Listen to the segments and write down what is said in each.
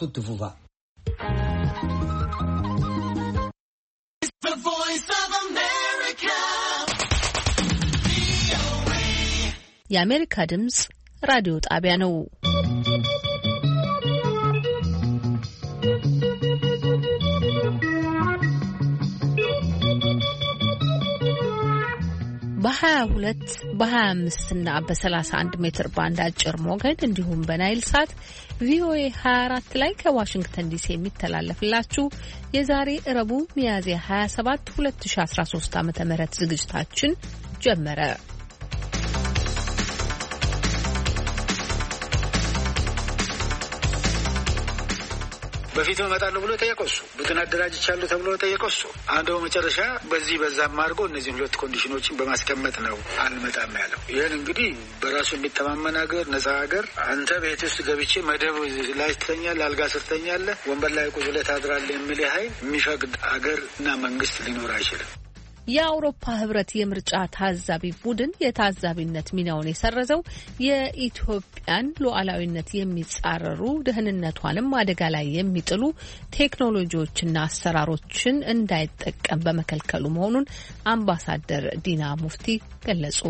toute voix. የአሜሪካ ድምጽ ራዲዮ ጣቢያ ነው። በ22 በ25 እና በ31 ሜትር ባንድ አጭር ሞገድ እንዲሁም በናይል ሳት ቪኦኤ 24 ላይ ከዋሽንግተን ዲሲ የሚተላለፍላችሁ የዛሬ እረቡ ሚያዝያ 27 2013 ዓ ም ዝግጅታችን ጀመረ። በፊት እመጣለሁ ብሎ የጠየቀው እሱ፣ ቡድን አደራጅቻለሁ ተብሎ የጠየቀው እሱ። አንዱ በመጨረሻ በዚህ በዛም አድርጎ እነዚህ ሁለት ኮንዲሽኖችን በማስቀመጥ ነው አልመጣም ያለው። ይህን እንግዲህ በራሱ የሚተማመን ሀገር፣ ነጻ ሀገር፣ አንተ ቤት ውስጥ ገብቼ መደብ ላይ ትተኛለህ፣ አልጋ ስር ትተኛለህ፣ ወንበር ላይ ቁጭ ብለህ ታድራለህ የሚል ሀይል የሚፈቅድ ሀገር እና መንግስት ሊኖር አይችልም። የአውሮፓ ህብረት የምርጫ ታዛቢ ቡድን የታዛቢነት ሚናውን የሰረዘው የኢትዮጵያን ሉዓላዊነት የሚጻረሩ ደህንነቷንም አደጋ ላይ የሚጥሉ ቴክኖሎጂዎችና አሰራሮችን እንዳይጠቀም በመከልከሉ መሆኑን አምባሳደር ዲና ሙፍቲ ገለጹ።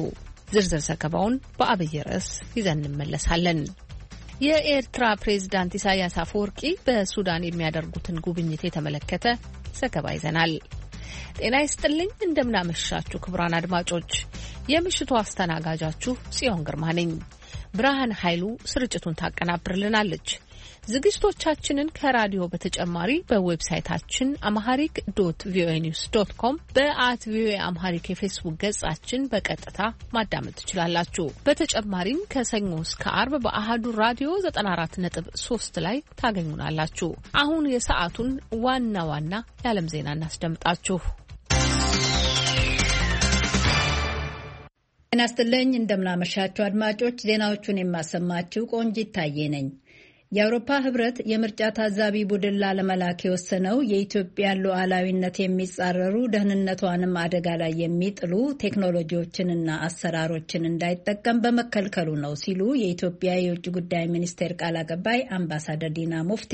ዝርዝር ዘገባውን በአብይ ርዕስ ይዘን እንመለሳለን። የኤርትራ ፕሬዝዳንት ኢሳያስ አፈወርቂ በሱዳን የሚያደርጉትን ጉብኝት የተመለከተ ዘገባ ይዘናል። ጤና ይስጥልኝ። እንደምናመሻችሁ ክቡራን አድማጮች፣ የምሽቱ አስተናጋጃችሁ ጽዮን ግርማ ነኝ። ብርሃን ኃይሉ ስርጭቱን ታቀናብርልናለች። ዝግጅቶቻችንን ከራዲዮ በተጨማሪ በዌብሳይታችን አምሃሪክ ዶት ቪኦኤ ኒውስ ዶት ኮም በአት ቪኦኤ አምሃሪክ የፌስቡክ ገጻችን በቀጥታ ማዳመጥ ትችላላችሁ። በተጨማሪም ከሰኞ እስከ አርብ በአህዱ ራዲዮ 94.3 ላይ ታገኙናላችሁ። አሁን የሰዓቱን ዋና ዋና የዓለም ዜና እናስደምጣችሁ። ጤና ይስጥልኝ እንደምናመሻችሁ አድማጮች፣ ዜናዎቹን የማሰማችሁ ቆንጂት ታዬ ነኝ። የአውሮፓ ህብረት የምርጫ ታዛቢ ቡድን ላለመላክ የወሰነው የኢትዮጵያን ሉዓላዊነት የሚጻረሩ ደህንነቷንም አደጋ ላይ የሚጥሉ ቴክኖሎጂዎችንና አሰራሮችን እንዳይጠቀም በመከልከሉ ነው ሲሉ የኢትዮጵያ የውጭ ጉዳይ ሚኒስቴር ቃል አቀባይ አምባሳደር ዲና ሙፍቲ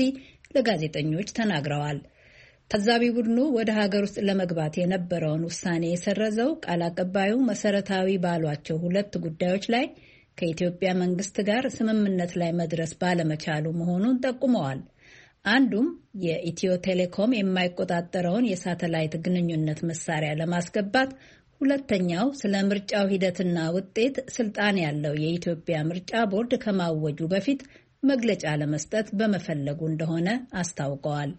ለጋዜጠኞች ተናግረዋል። ታዛቢ ቡድኑ ወደ ሀገር ውስጥ ለመግባት የነበረውን ውሳኔ የሰረዘው ቃል አቀባዩ መሰረታዊ ባሏቸው ሁለት ጉዳዮች ላይ ከኢትዮጵያ መንግስት ጋር ስምምነት ላይ መድረስ ባለመቻሉ መሆኑን ጠቁመዋል። አንዱም የኢትዮ ቴሌኮም የማይቆጣጠረውን የሳተላይት ግንኙነት መሳሪያ ለማስገባት፣ ሁለተኛው ስለ ምርጫው ሂደትና ውጤት ስልጣን ያለው የኢትዮጵያ ምርጫ ቦርድ ከማወጁ በፊት መግለጫ ለመስጠት በመፈለጉ እንደሆነ አስታውቀዋል።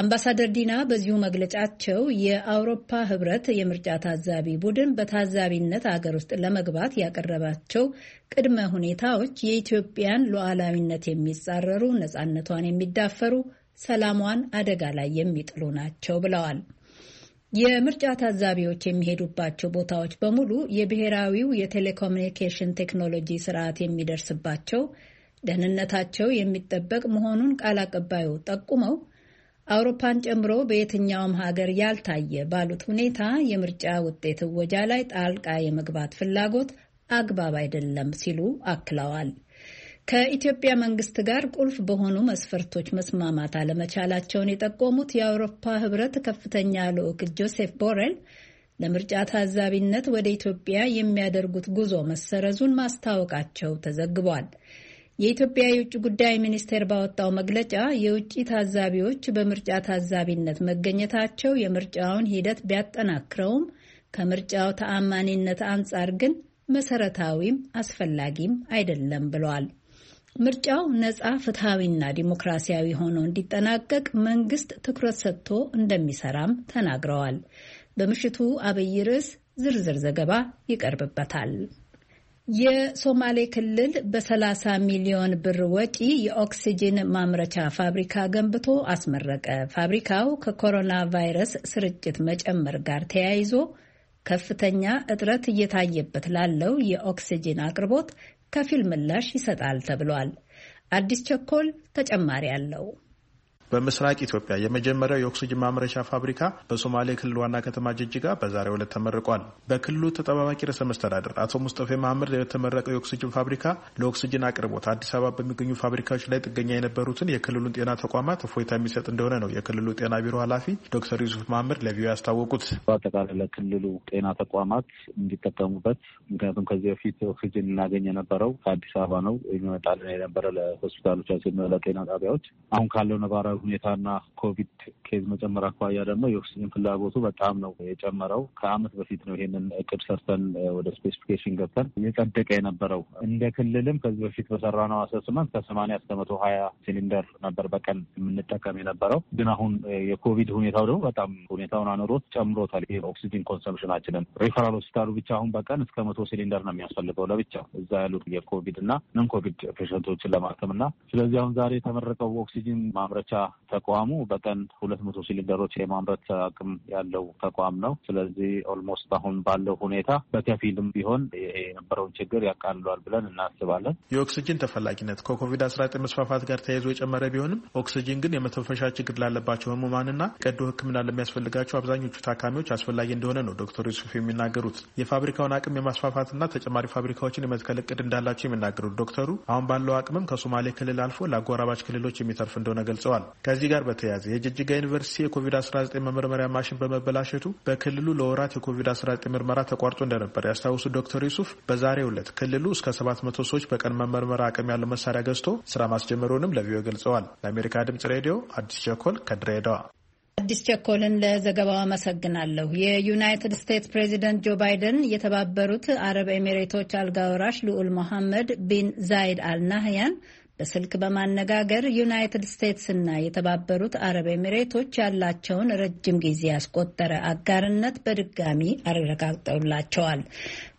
አምባሳደር ዲና በዚሁ መግለጫቸው የአውሮፓ ህብረት የምርጫ ታዛቢ ቡድን በታዛቢነት አገር ውስጥ ለመግባት ያቀረባቸው ቅድመ ሁኔታዎች የኢትዮጵያን ሉዓላዊነት የሚጻረሩ፣ ነፃነቷን የሚዳፈሩ፣ ሰላሟን አደጋ ላይ የሚጥሉ ናቸው ብለዋል። የምርጫ ታዛቢዎች የሚሄዱባቸው ቦታዎች በሙሉ የብሔራዊው የቴሌኮሙኒኬሽን ቴክኖሎጂ ስርዓት የሚደርስባቸው፣ ደህንነታቸው የሚጠበቅ መሆኑን ቃል አቀባዩ ጠቁመው አውሮፓን ጨምሮ በየትኛውም ሀገር ያልታየ ባሉት ሁኔታ የምርጫ ውጤት እወጃ ላይ ጣልቃ የመግባት ፍላጎት አግባብ አይደለም ሲሉ አክለዋል። ከኢትዮጵያ መንግስት ጋር ቁልፍ በሆኑ መስፈርቶች መስማማት አለመቻላቸውን የጠቆሙት የአውሮፓ ህብረት ከፍተኛ ልዑክ ጆሴፍ ቦሬል ለምርጫ ታዛቢነት ወደ ኢትዮጵያ የሚያደርጉት ጉዞ መሰረዙን ማስታወቃቸው ተዘግቧል። የኢትዮጵያ የውጭ ጉዳይ ሚኒስቴር ባወጣው መግለጫ የውጭ ታዛቢዎች በምርጫ ታዛቢነት መገኘታቸው የምርጫውን ሂደት ቢያጠናክረውም ከምርጫው ተአማኒነት አንጻር ግን መሰረታዊም አስፈላጊም አይደለም ብሏል። ምርጫው ነፃ ፍትሐዊና ዲሞክራሲያዊ ሆኖ እንዲጠናቀቅ መንግስት ትኩረት ሰጥቶ እንደሚሰራም ተናግረዋል። በምሽቱ አብይ ርዕስ ዝርዝር ዘገባ ይቀርብበታል። የሶማሌ ክልል በ30 ሚሊዮን ብር ወጪ የኦክሲጂን ማምረቻ ፋብሪካ ገንብቶ አስመረቀ። ፋብሪካው ከኮሮና ቫይረስ ስርጭት መጨመር ጋር ተያይዞ ከፍተኛ እጥረት እየታየበት ላለው የኦክሲጂን አቅርቦት ከፊል ምላሽ ይሰጣል ተብሏል። አዲስ ቸኮል ተጨማሪ አለው። በምስራቅ ኢትዮጵያ የመጀመሪያው የኦክስጅን ማምረቻ ፋብሪካ በሶማሌ ክልል ዋና ከተማ ጅጅጋ በዛሬው ዕለት ተመርቋል። በክልሉ ተጠባባቂ ርዕሰ መስተዳደር አቶ ሙስጠፌ መሀመድ የተመረቀው የኦክስጅን ፋብሪካ ለኦክስጅን አቅርቦት አዲስ አበባ በሚገኙ ፋብሪካዎች ላይ ጥገኛ የነበሩትን የክልሉን ጤና ተቋማት እፎይታ የሚሰጥ እንደሆነ ነው የክልሉ ጤና ቢሮ ኃላፊ ዶክተር ዩሱፍ መሀመድ ለቪኦኤ ያስታወቁት። በአጠቃላይ ለክልሉ ጤና ተቋማት እንዲጠቀሙበት ምክንያቱም ከዚህ በፊት ኦክስጅን እናገኝ የነበረው ከአዲስ አበባ ነው የሚመጣልን የነበረ ለሆስፒታሎቻችን፣ ለጤና ጣቢያዎች አሁን ካለው ነባራ ሁኔታና ኮቪድ ኬዝ መጨመር አኳያ ደግሞ የኦክሲጅን ፍላጎቱ በጣም ነው የጨመረው። ከአመት በፊት ነው ይሄንን እቅድ ሰርተን ወደ ስፔሲፊኬሽን ገብተን እየጸደቀ የነበረው። እንደ ክልልም ከዚህ በፊት በሰራነው አሰስመንት ከሰማንያ እስከ መቶ ሀያ ሲሊንደር ነበር በቀን የምንጠቀም የነበረው። ግን አሁን የኮቪድ ሁኔታው ደግሞ በጣም ሁኔታውን አኑሮት ጨምሮታል። ኦክሲጅን ኮንሰምፕሽናችንን ሪፈራል ሆስፒታሉ ብቻ አሁን በቀን እስከ መቶ ሲሊንደር ነው የሚያስፈልገው ለብቻ እዛ ያሉት የኮቪድ እና ነን ኮቪድ ፔሽንቶችን ለማከም እና ስለዚህ አሁን ዛሬ የተመረቀው ኦክሲጅን ማምረቻ ተቋሙ በቀን ሁለት መቶ ሲሊንደሮች የማምረት አቅም ያለው ተቋም ነው። ስለዚህ ኦልሞስት አሁን ባለው ሁኔታ በከፊልም ቢሆን የነበረውን ችግር ያቃልሏል ብለን እናስባለን። የኦክስጅን ተፈላጊነት ከኮቪድ አስራ ዘጠኝ መስፋፋት ጋር ተያይዞ የጨመረ ቢሆንም ኦክስጅን ግን የመተንፈሻ ችግር ላለባቸው ህሙማንና ቀዶ ሕክምና ለሚያስፈልጋቸው አብዛኞቹ ታካሚዎች አስፈላጊ እንደሆነ ነው ዶክተር ዩሱፍ የሚናገሩት። የፋብሪካውን አቅም የማስፋፋትና ተጨማሪ ፋብሪካዎችን የመትከል እቅድ እንዳላቸው የሚናገሩት ዶክተሩ አሁን ባለው አቅምም ከሶማሌ ክልል አልፎ ለአጎራባች ክልሎች የሚተርፍ እንደሆነ ገልጸዋል። ከዚህ ጋር በተያያዘ የጅጅጋ ዩኒቨርሲቲ የኮቪድ-19 መመርመሪያ ማሽን በመበላሸቱ በክልሉ ለወራት የኮቪድ-19 ምርመራ ተቋርጦ እንደነበር ያስታውሱ ዶክተር ዩሱፍ በዛሬው ዕለት ክልሉ እስከ 700 ሰዎች በቀን መመርመሪያ አቅም ያለው መሳሪያ ገዝቶ ስራ ማስጀመሩንም ለቪዮ ገልጸዋል። ለአሜሪካ ድምጽ ሬዲዮ አዲስ ቸኮል ከድሬዳዋ። አዲስ ቸኮልን ለዘገባው አመሰግናለሁ። የዩናይትድ ስቴትስ ፕሬዚደንት ጆ ባይደን የተባበሩት አረብ ኤሚሬቶች ወራሽ ልዑል ሞሐመድ ቢን ዛይድ አልናህያን በስልክ በማነጋገር ዩናይትድ እና የተባበሩት አረብ ኤሚሬቶች ያላቸውን ረጅም ጊዜ ያስቆጠረ አጋርነት በድጋሚ አረጋግጠውላቸዋል።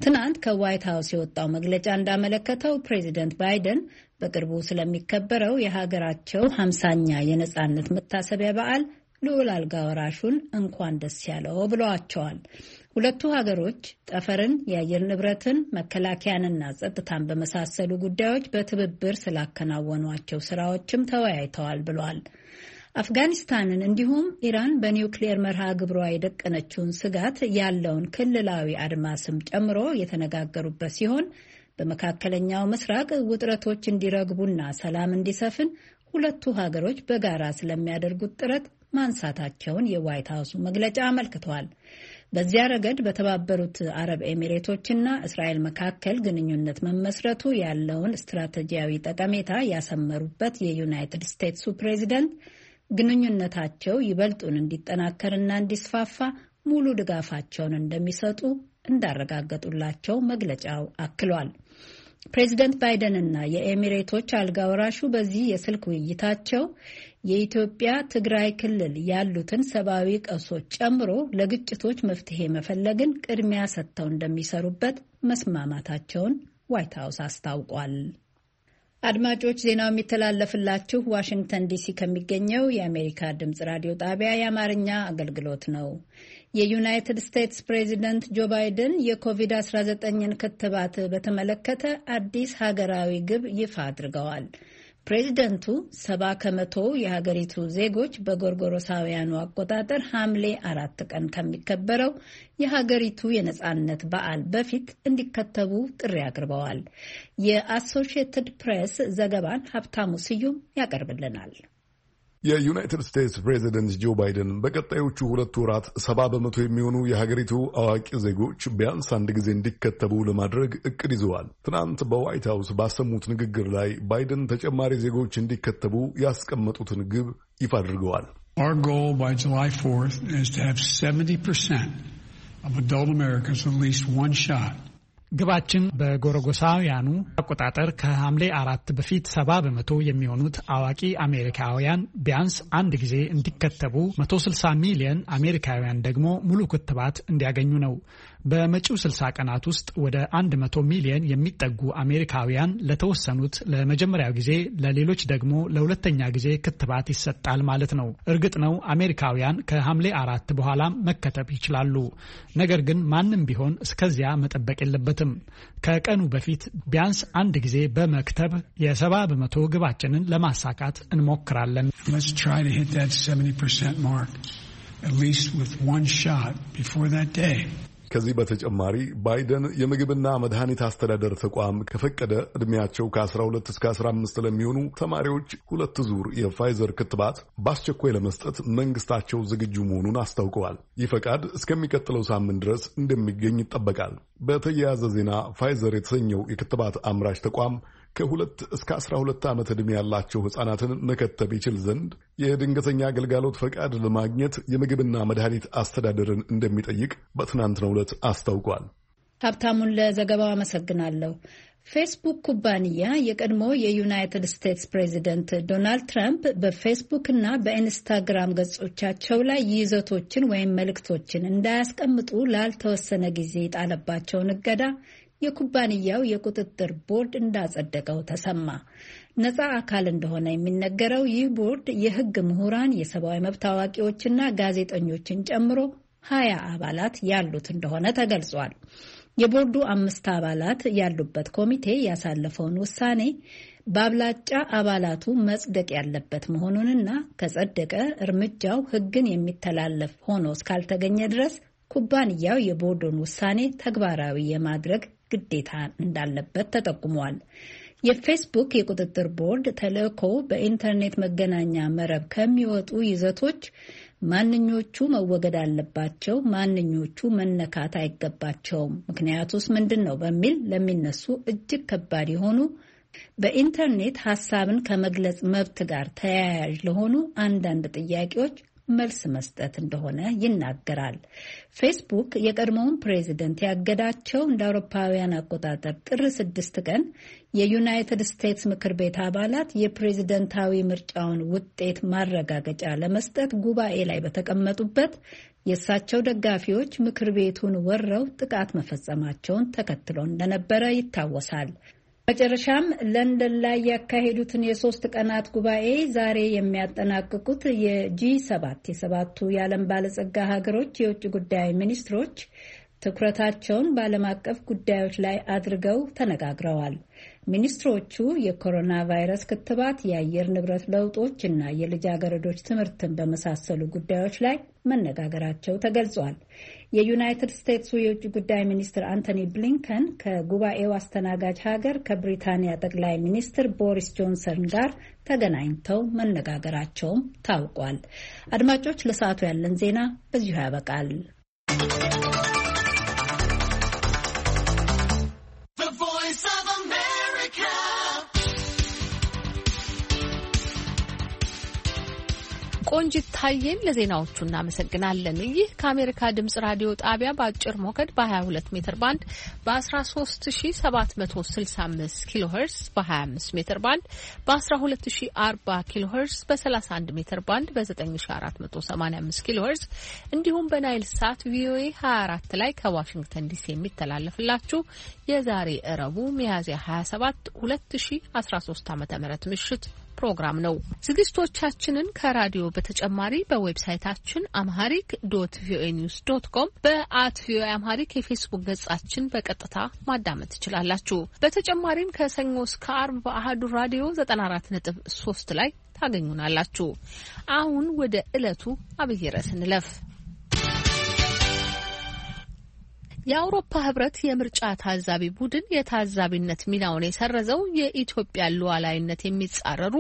ትናንት ከዋይት ሀውስ የወጣው መግለጫ እንዳመለከተው ፕሬዚደንት ባይደን በቅርቡ ስለሚከበረው የሀገራቸው ሀምሳኛ የነጻነት መታሰቢያ በዓል ልዑል አልጋ ወራሹን እንኳን ደስ ያለው ብለዋቸዋል። ሁለቱ ሀገሮች ጠፈርን፣ የአየር ንብረትን፣ መከላከያንና ጸጥታን በመሳሰሉ ጉዳዮች በትብብር ስላከናወኗቸው ስራዎችም ተወያይተዋል ብሏል። አፍጋኒስታንን እንዲሁም ኢራን በኒውክሌየር መርሃ ግብሯ የደቀነችውን ስጋት ያለውን ክልላዊ አድማስም ጨምሮ የተነጋገሩበት ሲሆን በመካከለኛው ምስራቅ ውጥረቶች እንዲረግቡና ሰላም እንዲሰፍን ሁለቱ ሀገሮች በጋራ ስለሚያደርጉት ጥረት ማንሳታቸውን የዋይት ሀውሱ መግለጫ አመልክቷል። በዚያ ረገድ በተባበሩት አረብ ኤሚሬቶችና እስራኤል መካከል ግንኙነት መመስረቱ ያለውን ስትራቴጂያዊ ጠቀሜታ ያሰመሩበት የዩናይትድ ስቴትሱ ፕሬዚደንት ግንኙነታቸው ይበልጡን እንዲጠናከርና እንዲስፋፋ ሙሉ ድጋፋቸውን እንደሚሰጡ እንዳረጋገጡላቸው መግለጫው አክሏል። ፕሬዚደንት ባይደንና የኤሚሬቶች አልጋ ወራሹ በዚህ የስልክ ውይይታቸው የኢትዮጵያ ትግራይ ክልል ያሉትን ሰብአዊ ቀውሶች ጨምሮ ለግጭቶች መፍትሄ መፈለግን ቅድሚያ ሰጥተው እንደሚሰሩበት መስማማታቸውን ዋይት ሀውስ አስታውቋል። አድማጮች ዜናው የሚተላለፍላችሁ ዋሽንግተን ዲሲ ከሚገኘው የአሜሪካ ድምጽ ራዲዮ ጣቢያ የአማርኛ አገልግሎት ነው። የዩናይትድ ስቴትስ ፕሬዚደንት ጆ ባይደን የኮቪድ-19ን ክትባት በተመለከተ አዲስ ሀገራዊ ግብ ይፋ አድርገዋል። ፕሬዚደንቱ ሰባ ከመቶ የሀገሪቱ ዜጎች በጎርጎሮሳውያኑ አቆጣጠር ሐምሌ አራት ቀን ከሚከበረው የሀገሪቱ የነጻነት በዓል በፊት እንዲከተቡ ጥሪ አቅርበዋል። የአሶሺየትድ ፕሬስ ዘገባን ሀብታሙ ስዩም ያቀርብልናል። የዩናይትድ ስቴትስ ፕሬዚደንት ጆ ባይደን በቀጣዮቹ ሁለት ወራት ሰባ በመቶ የሚሆኑ የሀገሪቱ አዋቂ ዜጎች ቢያንስ አንድ ጊዜ እንዲከተቡ ለማድረግ እቅድ ይዘዋል። ትናንት በዋይት ሀውስ ባሰሙት ንግግር ላይ ባይደን ተጨማሪ ዜጎች እንዲከተቡ ያስቀመጡትን ግብ ይፋ አድርገዋል። Our goal by ግባችን በጎረጎሳውያኑ አቆጣጠር ከሐምሌ አራት በፊት ሰባ በመቶ የሚሆኑት አዋቂ አሜሪካውያን ቢያንስ አንድ ጊዜ እንዲከተቡ፣ 160 ሚሊዮን አሜሪካውያን ደግሞ ሙሉ ክትባት እንዲያገኙ ነው። በመጪው 60 ቀናት ውስጥ ወደ 100 ሚሊየን የሚጠጉ አሜሪካውያን ለተወሰኑት ለመጀመሪያ ጊዜ ለሌሎች ደግሞ ለሁለተኛ ጊዜ ክትባት ይሰጣል ማለት ነው። እርግጥ ነው አሜሪካውያን ከሐምሌ አራት በኋላም መከተብ ይችላሉ። ነገር ግን ማንም ቢሆን እስከዚያ መጠበቅ የለበትም። ከቀኑ በፊት ቢያንስ አንድ ጊዜ በመክተብ የሰባ በመቶ ግባችንን ለማሳካት እንሞክራለን። At least with one shot before that day. ከዚህ በተጨማሪ ባይደን የምግብና መድኃኒት አስተዳደር ተቋም ከፈቀደ ዕድሜያቸው ከ12 እስከ 15 ለሚሆኑ ተማሪዎች ሁለት ዙር የፋይዘር ክትባት በአስቸኳይ ለመስጠት መንግስታቸው ዝግጁ መሆኑን አስታውቀዋል። ይህ ፈቃድ እስከሚቀጥለው ሳምንት ድረስ እንደሚገኝ ይጠበቃል። በተያያዘ ዜና ፋይዘር የተሰኘው የክትባት አምራች ተቋም ከሁለት እስከ 12 ዓመት ዕድሜ ያላቸው ሕፃናትን መከተብ ይችል ዘንድ የድንገተኛ አገልጋሎት ፈቃድ ለማግኘት የምግብና መድኃኒት አስተዳደርን እንደሚጠይቅ በትናንትናው ዕለት አስታውቋል። ሀብታሙን ለዘገባው አመሰግናለሁ። ፌስቡክ ኩባንያ የቀድሞ የዩናይትድ ስቴትስ ፕሬዚደንት ዶናልድ ትራምፕ በፌስቡክ እና በኢንስታግራም ገጾቻቸው ላይ ይዘቶችን ወይም መልእክቶችን እንዳያስቀምጡ ላልተወሰነ ጊዜ የጣለባቸውን እገዳ የኩባንያው የቁጥጥር ቦርድ እንዳጸደቀው ተሰማ። ነፃ አካል እንደሆነ የሚነገረው ይህ ቦርድ የህግ ምሁራን፣ የሰብአዊ መብት አዋቂዎችና ጋዜጠኞችን ጨምሮ ሀያ አባላት ያሉት እንደሆነ ተገልጿል። የቦርዱ አምስት አባላት ያሉበት ኮሚቴ ያሳለፈውን ውሳኔ በአብላጫ አባላቱ መጽደቅ ያለበት መሆኑንና ከጸደቀ እርምጃው ህግን የሚተላለፍ ሆኖ እስካልተገኘ ድረስ ኩባንያው የቦርዱን ውሳኔ ተግባራዊ የማድረግ ግዴታ እንዳለበት ተጠቁሟል። የፌስቡክ የቁጥጥር ቦርድ ተልእኮ በኢንተርኔት መገናኛ መረብ ከሚወጡ ይዘቶች ማንኞቹ መወገድ አለባቸው፣ ማንኞቹ መነካት አይገባቸውም፣ ምክንያቱስ ምንድን ነው በሚል ለሚነሱ እጅግ ከባድ የሆኑ በኢንተርኔት ሀሳብን ከመግለጽ መብት ጋር ተያያዥ ለሆኑ አንዳንድ ጥያቄዎች መልስ መስጠት እንደሆነ ይናገራል። ፌስቡክ የቀድሞውን ፕሬዚደንት ያገዳቸው እንደ አውሮፓውያን አቆጣጠር ጥር ስድስት ቀን የዩናይትድ ስቴትስ ምክር ቤት አባላት የፕሬዝደንታዊ ምርጫውን ውጤት ማረጋገጫ ለመስጠት ጉባኤ ላይ በተቀመጡበት የእሳቸው ደጋፊዎች ምክር ቤቱን ወረው ጥቃት መፈጸማቸውን ተከትሎ እንደነበረ ይታወሳል። መጨረሻም ለንደን ላይ ያካሄዱትን የሶስት ቀናት ጉባኤ ዛሬ የሚያጠናቅቁት የጂ ሰባት የሰባቱ የዓለም ባለጸጋ ሀገሮች የውጭ ጉዳይ ሚኒስትሮች ትኩረታቸውን በዓለም አቀፍ ጉዳዮች ላይ አድርገው ተነጋግረዋል። ሚኒስትሮቹ የኮሮና ቫይረስ ክትባት፣ የአየር ንብረት ለውጦች እና የልጃገረዶች ትምህርትን በመሳሰሉ ጉዳዮች ላይ መነጋገራቸው ተገልጿል። የዩናይትድ ስቴትሱ የውጭ ጉዳይ ሚኒስትር አንቶኒ ብሊንከን ከጉባኤው አስተናጋጅ ሀገር ከብሪታንያ ጠቅላይ ሚኒስትር ቦሪስ ጆንሰን ጋር ተገናኝተው መነጋገራቸውም ታውቋል። አድማጮች፣ ለሰዓቱ ያለን ዜና በዚሁ ያበቃል። ቆንጂት ታየን ለዜናዎቹ እናመሰግናለን። ይህ ከአሜሪካ ድምጽ ራዲዮ ጣቢያ በአጭር ሞገድ በ22 ሜትር ባንድ በ13765 ኪሎ ሄርስ በ25 ሜትር ባንድ በ1240 ኪሎ ሄርስ በ31 ሜትር ባንድ በ9485 ኪሎ ሄርስ እንዲሁም በናይል ሳት ቪኦኤ 24 ላይ ከዋሽንግተን ዲሲ የሚተላለፍላችሁ የዛሬ እረቡ ሚያዝያ 27 2013 ዓ ም ምሽት ፕሮግራም ነው። ዝግጅቶቻችንን ከራዲዮ በተጨማሪ በዌብሳይታችን አምሃሪክ ዶት ቪኦኤ ኒውስ ዶት ኮም በአት ቪኦኤ አምሃሪክ የፌስቡክ ገጻችን በቀጥታ ማዳመጥ ትችላላችሁ። በተጨማሪም ከሰኞ እስከ አርብ በአህዱ ራዲዮ 94.3 ላይ ታገኙናላችሁ። አሁን ወደ ዕለቱ አብይ ርዕስ እንለፍ። የአውሮፓ ህብረት የምርጫ ታዛቢ ቡድን የታዛቢነት ሚናውን የሰረዘው የኢትዮጵያ ሉዓላዊነት የሚጻረሩ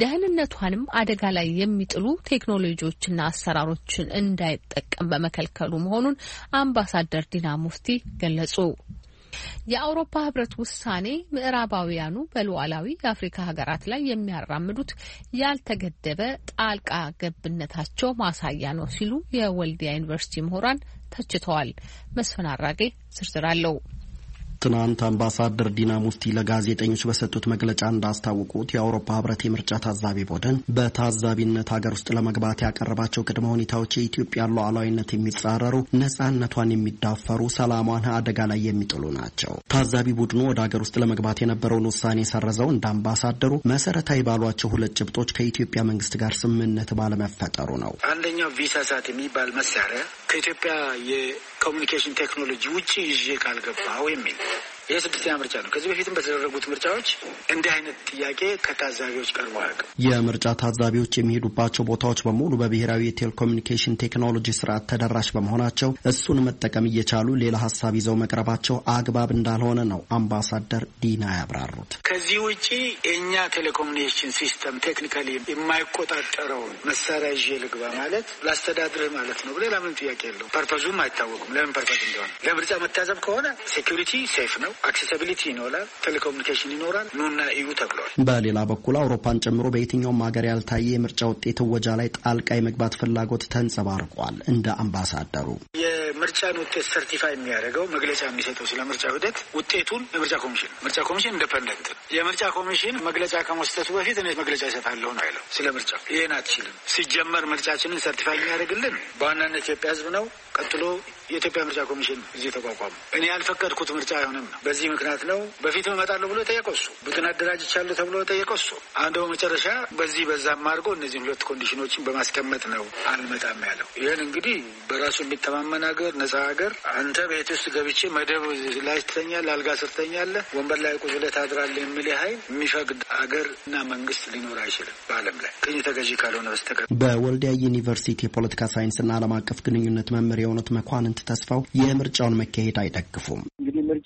ደህንነቷንም አደጋ ላይ የሚጥሉ ቴክኖሎጂዎችና አሰራሮችን እንዳይጠቀም በመከልከሉ መሆኑን አምባሳደር ዲና ሙፍቲ ገለጹ። የአውሮፓ ህብረት ውሳኔ ምዕራባውያኑ በሉዓላዊ የአፍሪካ ሀገራት ላይ የሚያራምዱት ያልተገደበ ጣልቃ ገብነታቸው ማሳያ ነው ሲሉ የወልዲያ ዩኒቨርሲቲ ምሁራን ተችተዋል። መስፍን አራጌ ዝርዝር አለው። ትናንት አምባሳደር ዲና ሙፍቲ ለጋዜጠኞች በሰጡት መግለጫ እንዳስታወቁት የአውሮፓ ህብረት የምርጫ ታዛቢ ቡድን በታዛቢነት ሀገር ውስጥ ለመግባት ያቀረባቸው ቅድመ ሁኔታዎች የኢትዮጵያ ሉዓላዊነት የሚጻረሩ፣ ነጻነቷን የሚዳፈሩ፣ ሰላሟን አደጋ ላይ የሚጥሉ ናቸው። ታዛቢ ቡድኑ ወደ ሀገር ውስጥ ለመግባት የነበረውን ውሳኔ የሰረዘው እንደ አምባሳደሩ መሰረታዊ ባሏቸው ሁለት ጭብጦች ከኢትዮጵያ መንግስት ጋር ስምምነት ባለመፈጠሩ ነው። አንደኛው ቪሳሳት የሚባል መሳሪያ ከኢትዮጵያ ኮሚኒኬሽን ቴክኖሎጂ ውጭ ይዤ ካልገባው የሚል ይህ ስድስተኛ ምርጫ ነው። ከዚህ በፊትም በተደረጉት ምርጫዎች እንዲህ አይነት ጥያቄ ከታዛቢዎች ቀርቦ አያውቅም። የምርጫ ታዛቢዎች የሚሄዱባቸው ቦታዎች በሙሉ በብሔራዊ የቴሌኮሚኒኬሽን ቴክኖሎጂ ስርዓት ተደራሽ በመሆናቸው እሱን መጠቀም እየቻሉ ሌላ ሀሳብ ይዘው መቅረባቸው አግባብ እንዳልሆነ ነው አምባሳደር ዲና ያብራሩት። ከዚህ ውጪ የእኛ ቴሌኮሚኒኬሽን ሲስተም ቴክኒካሊ የማይቆጣጠረውን መሳሪያ ይዤ ልግባ ማለት ላስተዳድርህ ማለት ነው። ሌላ ጥያቄ የለውም። ፐርፐዙም አይታወቁም። ለምን ፐርፐዝ እንደሆነ ለምርጫ መታዘብ ከሆነ ሴኩሪቲ ሴፍ ነው አክሴሲቢሊቲ ይኖራል፣ ቴሌኮሙኒኬሽን ይኖራል፣ ኑና እዩ ተብሏል። በሌላ በኩል አውሮፓን ጨምሮ በየትኛውም ሀገር ያልታየ የምርጫ ውጤት እወጃ ላይ ጣልቃ የመግባት ፍላጎት ተንጸባርቋል። እንደ አምባሳደሩ የምርጫን ውጤት ሰርቲፋይ የሚያደርገው መግለጫ የሚሰጠው ስለ ምርጫ ሂደት ውጤቱን የምርጫ ኮሚሽን ምርጫ ኮሚሽን ኢንዲፐንደንት የምርጫ ኮሚሽን መግለጫ ከመስጠቱ በፊት እኔ መግለጫ ይሰጣለሁ ነው ያለው ስለ ምርጫ። ይህን አትችልም። ሲጀመር ምርጫችንን ሰርቲፋይ የሚያደርግልን በዋናነት ኢትዮጵያ ህዝብ ነው። ቀጥሎ የኢትዮጵያ ምርጫ ኮሚሽን እዚህ ተቋቋሙ። እኔ ያልፈቀድኩት ምርጫ አይሆንም ነው። በዚህ ምክንያት ነው። በፊት እመጣለሁ ብሎ የጠየቀው እሱ፣ ቡድን አደራጅቻለሁ ተብሎ የጠየቀው እሱ። አንድ በመጨረሻ በዚህ በዛም አድርጎ እነዚህ ሁለት ኮንዲሽኖችን በማስቀመጥ ነው አልመጣም ያለው። ይህን እንግዲህ በራሱ የሚተማመን ሀገር፣ ነጻ ሀገር፣ አንተ ቤት ውስጥ ገብቼ መደብ ላይ ትተኛለህ፣ አልጋ ስር ትተኛለህ፣ ወንበር ላይ ቁጭ ብለህ ታድራለህ የሚል ኃይል የሚፈቅድ ሀገር እና መንግስት ሊኖር አይችልም በዓለም ላይ ቅኝ ተገዢ ካልሆነ በስተቀር። በወልዲያ ዩኒቨርሲቲ የፖለቲካ ሳይንስና ዓለም አቀፍ ግንኙነት መመሪያ የሆኑት መኳንንት ተስፋው የምርጫውን መካሄድ አይደግፉም።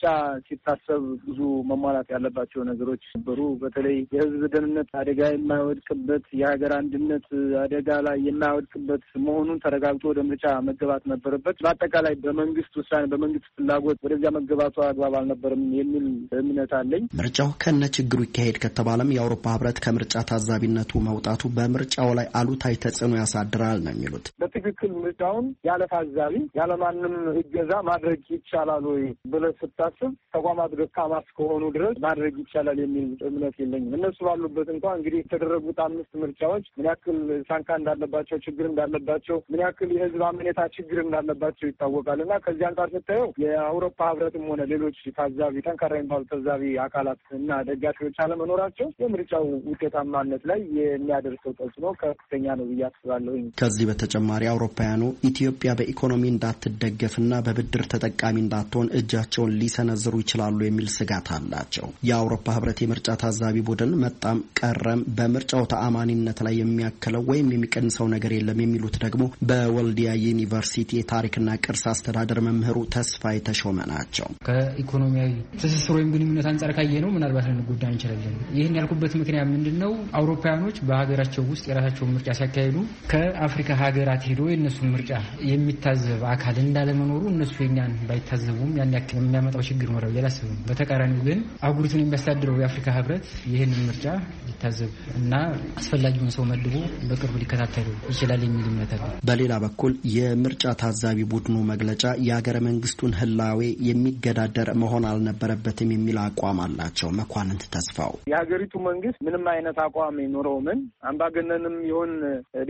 ምርጫ ሲታሰብ ብዙ መሟላት ያለባቸው ነገሮች ነበሩ። በተለይ የህዝብ ደህንነት አደጋ የማይወድቅበት የሀገር አንድነት አደጋ ላይ የማይወድቅበት መሆኑን ተረጋግጦ ወደ ምርጫ መገባት ነበረበት። በአጠቃላይ በመንግስት ውሳኔ፣ በመንግስት ፍላጎት ወደዚያ መገባቱ አግባብ አልነበርም የሚል እምነት አለኝ። ምርጫው ከነ ችግሩ ይካሄድ ከተባለም የአውሮፓ ህብረት ከምርጫ ታዛቢነቱ መውጣቱ በምርጫው ላይ አሉታዊ ተጽዕኖ ያሳድራል ነው የሚሉት። በትክክል ምርጫውን ያለ ታዛቢ ያለማንም እገዛ ማድረግ ይቻላል ወይ ብለ ስታ ስለማስብ ተቋማት ደካማ እስከሆኑ ድረስ ማድረግ ይቻላል የሚል እምነት የለኝም። እነሱ ባሉበት እንኳ እንግዲህ የተደረጉት አምስት ምርጫዎች ምን ያክል ሳንካ እንዳለባቸው፣ ችግር እንዳለባቸው፣ ምን ያክል የህዝብ አመኔታ ችግር እንዳለባቸው ይታወቃል እና ከዚህ አንጻር ስታየው የአውሮፓ ህብረትም ሆነ ሌሎች ታዛቢ ጠንካራ የሚባሉ ታዛቢ አካላት እና ደጋፊዎች አለመኖራቸው የምርጫው ውጤታማነት ላይ የሚያደርሰው ተጽዕኖ ከፍተኛ ነው ብዬ አስባለሁኝ። ከዚህ በተጨማሪ አውሮፓውያኑ ኢትዮጵያ በኢኮኖሚ እንዳትደገፍና በብድር ተጠቃሚ እንዳትሆን እጃቸውን ሊሰ ሊሰነዝሩ ይችላሉ የሚል ስጋት አላቸው። የአውሮፓ ህብረት የምርጫ ታዛቢ ቡድን መጣም ቀረም በምርጫው ተአማኒነት ላይ የሚያክለው ወይም የሚቀንሰው ነገር የለም የሚሉት ደግሞ በወልዲያ ዩኒቨርሲቲ የታሪክና ቅርስ አስተዳደር መምህሩ ተስፋ የተሾመ ናቸው። ከኢኮኖሚያዊ ትስስር ወይም ግንኙነት አንጻር ካየ ነው ምናልባት ልንጎዳ እንችላለን። ይህን ያልኩበት ምክንያት ምንድን ነው? አውሮፓውያኖች በሀገራቸው ውስጥ የራሳቸውን ምርጫ ሲያካሂዱ ከአፍሪካ ሀገራት ሄዶ የእነሱን ምርጫ የሚታዘብ አካል እንዳለመኖሩ እነሱ የኛን ባይታዘቡም ያን ያክል የሚያመጣ የሚመጣው ችግር ኖረ ብዬ አላስብም። በተቃራኒው ግን አህጉሪቱን የሚያስተዳድረው የአፍሪካ ህብረት ይህንን ምርጫ ሊታዘብ እና አስፈላጊውን ሰው መልቦ በቅርቡ ሊከታተሉ ይችላል የሚል እምነት አለ። በሌላ በኩል የምርጫ ታዛቢ ቡድኑ መግለጫ የሀገረ መንግስቱን ህላዌ የሚገዳደር መሆን አልነበረበትም የሚል አቋም አላቸው። መኳንንት ተስፋው የሀገሪቱ መንግስት ምንም አይነት አቋም የኖረው ምን አምባገነንም ይሁን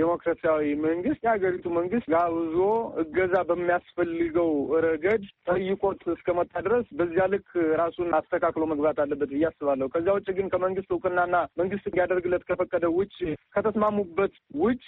ዴሞክራሲያዊ መንግስት የሀገሪቱ መንግስት ጋብዞ እገዛ በሚያስፈልገው ረገድ ጠይቆት እስከመጣ ድረስ ድረስ በዚያ ልክ ራሱን አስተካክሎ መግባት አለበት ብዬ አስባለሁ። ከዚያ ውጭ ግን ከመንግስት እውቅናና መንግስት እንዲያደርግለት ከፈቀደ ውጭ ከተስማሙበት ውጭ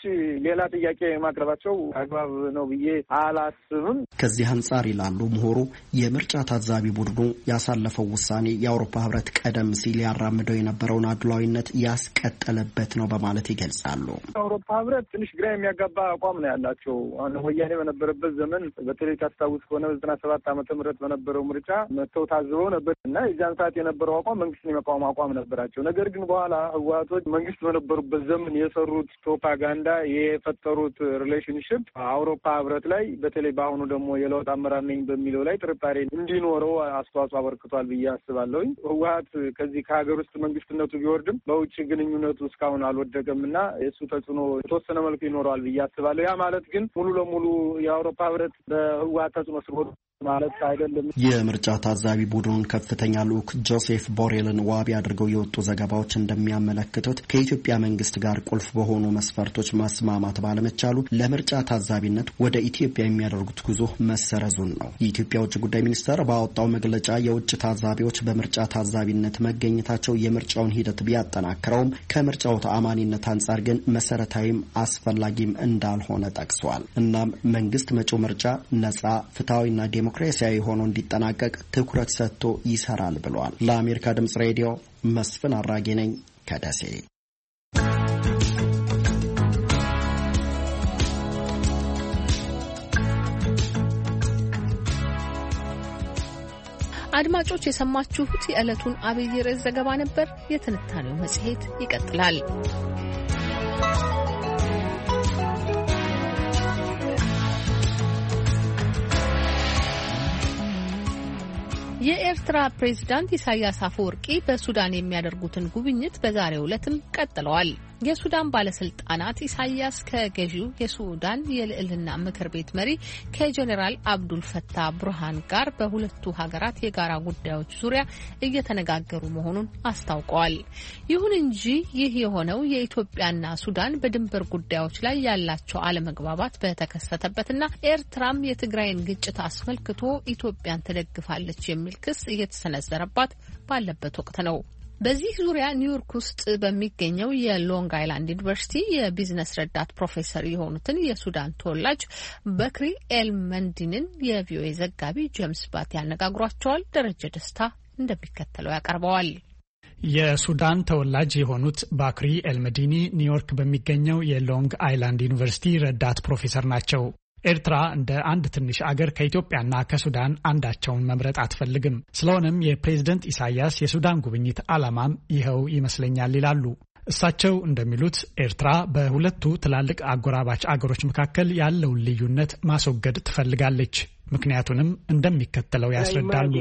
ሌላ ጥያቄ ማቅረባቸው አግባብ ነው ብዬ አላስብም። ከዚህ አንጻር ይላሉ ምሁሩ የምርጫ ታዛቢ ቡድኑ ያሳለፈው ውሳኔ የአውሮፓ ህብረት ቀደም ሲል ያራምደው የነበረውን አድሏዊነት ያስቀጠለበት ነው በማለት ይገልጻሉ። የአውሮፓ ህብረት ትንሽ ግራ የሚያጋባ አቋም ነው ያላቸው። አሁን ወያኔ በነበረበት ዘመን በተለይ ታስታውስ ከሆነ በዘጠና ሰባት ዓመተ ምህረት በነበረው ምርጫ መጥተው ታዝበው ነበር እና የዚያን ሰዓት የነበረው አቋም መንግስትን የመቃወም አቋም ነበራቸው። ነገር ግን በኋላ ህወሀቶች መንግስት በነበሩበት ዘመን የሰሩት ፕሮፓጋንዳ የፈጠሩት ሪሌሽንሽፕ አውሮፓ ህብረት ላይ በተለይ በአሁኑ ደግሞ የለውጥ አመራር ነኝ በሚለው ላይ ጥርጣሬ እንዲኖረው አስተዋጽኦ አበርክቷል ብዬ አስባለሁኝ። ህወሀት ከዚህ ከሀገር ውስጥ መንግስትነቱ ቢወርድም በውጭ ግንኙነቱ እስካሁን አልወደቀም እና የእሱ ተጽዕኖ የተወሰነ መልኩ ይኖረዋል ብዬ አስባለሁ። ያ ማለት ግን ሙሉ ለሙሉ የአውሮፓ ህብረት በህወሀት ተጽዕኖ ስር ማለት አይደለም። የምርጫ ታዛቢ ቡድኑን ከፍተኛ ልዑክ ጆሴፍ ቦሬልን ዋቢ አድርገው የወጡ ዘገባዎች እንደሚያመለክቱት ከኢትዮጵያ መንግስት ጋር ቁልፍ በሆኑ መስፈርቶች መስማማት ባለመቻሉ ለምርጫ ታዛቢነት ወደ ኢትዮጵያ የሚያደርጉት ጉዞ መሰረዙን ነው። የኢትዮጵያ ውጭ ጉዳይ ሚኒስቴር ባወጣው መግለጫ የውጭ ታዛቢዎች በምርጫ ታዛቢነት መገኘታቸው የምርጫውን ሂደት ቢያጠናክረውም ከምርጫው ተአማኒነት አንጻር ግን መሰረታዊም አስፈላጊም እንዳልሆነ ጠቅሷል። እናም መንግስት መጪው ምርጫ ነጻ፣ ፍትሐዊና ዴሞ ዲሞክራሲያዊ ሆኖ እንዲጠናቀቅ ትኩረት ሰጥቶ ይሰራል ብሏል። ለአሜሪካ ድምጽ ሬዲዮ መስፍን አራጌ ነኝ ከደሴ። አድማጮች የሰማችሁት የዕለቱን አብይ ርዕስ ዘገባ ነበር። የትንታኔው መጽሔት ይቀጥላል። የኤርትራ ፕሬዝዳንት ኢሳያስ አፈወርቂ በሱዳን የሚያደርጉትን ጉብኝት በዛሬው ዕለትም ቀጥለዋል። የሱዳን ባለስልጣናት ኢሳያስ ከገዢው የሱዳን የልዕልና ምክር ቤት መሪ ከጀኔራል አብዱል ፈታ ጋር በሁለቱ ሀገራት የጋራ ጉዳዮች ዙሪያ እየተነጋገሩ መሆኑን አስታውቀዋል። ይሁን እንጂ ይህ የሆነው የኢትዮጵያና ሱዳን በድንበር ጉዳዮች ላይ ያላቸው አለመግባባት በተከሰተበትና ኤርትራም የትግራይን ግጭት አስመልክቶ ኢትዮጵያን ትደግፋለች የሚል ክስ እየተሰነዘረባት ባለበት ወቅት ነው። በዚህ ዙሪያ ኒውዮርክ ውስጥ በሚገኘው የሎንግ አይላንድ ዩኒቨርሲቲ የቢዝነስ ረዳት ፕሮፌሰር የሆኑትን የሱዳን ተወላጅ በክሪ ኤልመንዲንን የቪኦኤ ዘጋቢ ጀምስ ባት ያነጋግሯቸዋል። ደረጀ ደስታ እንደሚከተለው ያቀርበዋል። የሱዳን ተወላጅ የሆኑት ባክሪ ኤልመዲኒ ኒውዮርክ በሚገኘው የሎንግ አይላንድ ዩኒቨርሲቲ ረዳት ፕሮፌሰር ናቸው። ኤርትራ እንደ አንድ ትንሽ አገር ከኢትዮጵያና ከሱዳን አንዳቸውን መምረጥ አትፈልግም። ስለሆነም የፕሬዝደንት ኢሳያስ የሱዳን ጉብኝት ዓላማም ይኸው ይመስለኛል ይላሉ። እሳቸው እንደሚሉት ኤርትራ በሁለቱ ትላልቅ አጎራባች አገሮች መካከል ያለውን ልዩነት ማስወገድ ትፈልጋለች። ምክንያቱንም እንደሚከተለው ያስረዳሉ።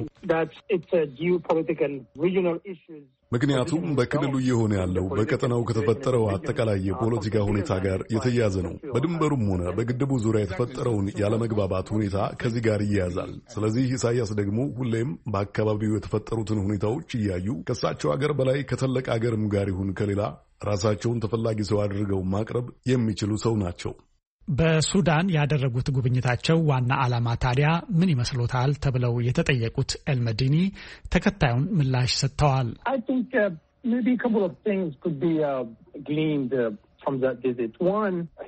ምክንያቱም በክልሉ እየሆነ ያለው በቀጠናው ከተፈጠረው አጠቃላይ የፖለቲካ ሁኔታ ጋር የተያያዘ ነው። በድንበሩም ሆነ በግድቡ ዙሪያ የተፈጠረውን ያለመግባባት ሁኔታ ከዚህ ጋር ይያያዛል። ስለዚህ ኢሳያስ ደግሞ ሁሌም በአካባቢው የተፈጠሩትን ሁኔታዎች እያዩ ከእሳቸው አገር በላይ ከተለቀ አገርም ጋር ይሁን ከሌላ ራሳቸውን ተፈላጊ ሰው አድርገው ማቅረብ የሚችሉ ሰው ናቸው። በሱዳን ያደረጉት ጉብኝታቸው ዋና ዓላማ ታዲያ ምን ይመስሎታል? ተብለው የተጠየቁት ኤልመዲኒ ተከታዩን ምላሽ ሰጥተዋል።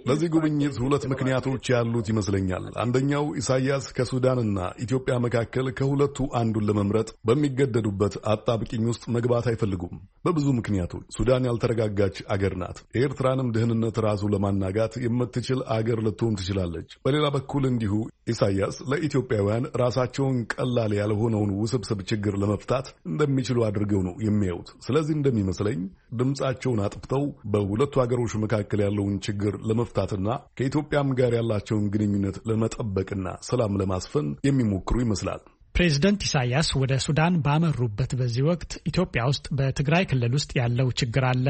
ለዚህ ጉብኝት ሁለት ምክንያቶች ያሉት ይመስለኛል። አንደኛው ኢሳያስ ከሱዳንና ኢትዮጵያ መካከል ከሁለቱ አንዱን ለመምረጥ በሚገደዱበት አጣብቂኝ ውስጥ መግባት አይፈልጉም። በብዙ ምክንያቶች ሱዳን ያልተረጋጋች አገር ናት። የኤርትራንም ደህንነት ራሱ ለማናጋት የምትችል አገር ልትሆን ትችላለች። በሌላ በኩል እንዲሁ ኢሳያስ ለኢትዮጵያውያን ራሳቸውን ቀላል ያልሆነውን ውስብስብ ችግር ለመፍታት እንደሚችሉ አድርገው ነው የሚያዩት። ስለዚህ እንደሚመስለኝ ድምፃቸውን አጥፍተው በሁለቱ አገሮች መካከል ያለውን ችግር ለመፍታትና ከኢትዮጵያም ጋር ያላቸውን ግንኙነት ለመጠበቅና ሰላም ለማስፈን የሚሞክሩ ይመስላል። ፕሬዝደንት ኢሳያስ ወደ ሱዳን ባመሩበት በዚህ ወቅት ኢትዮጵያ ውስጥ በትግራይ ክልል ውስጥ ያለው ችግር አለ፣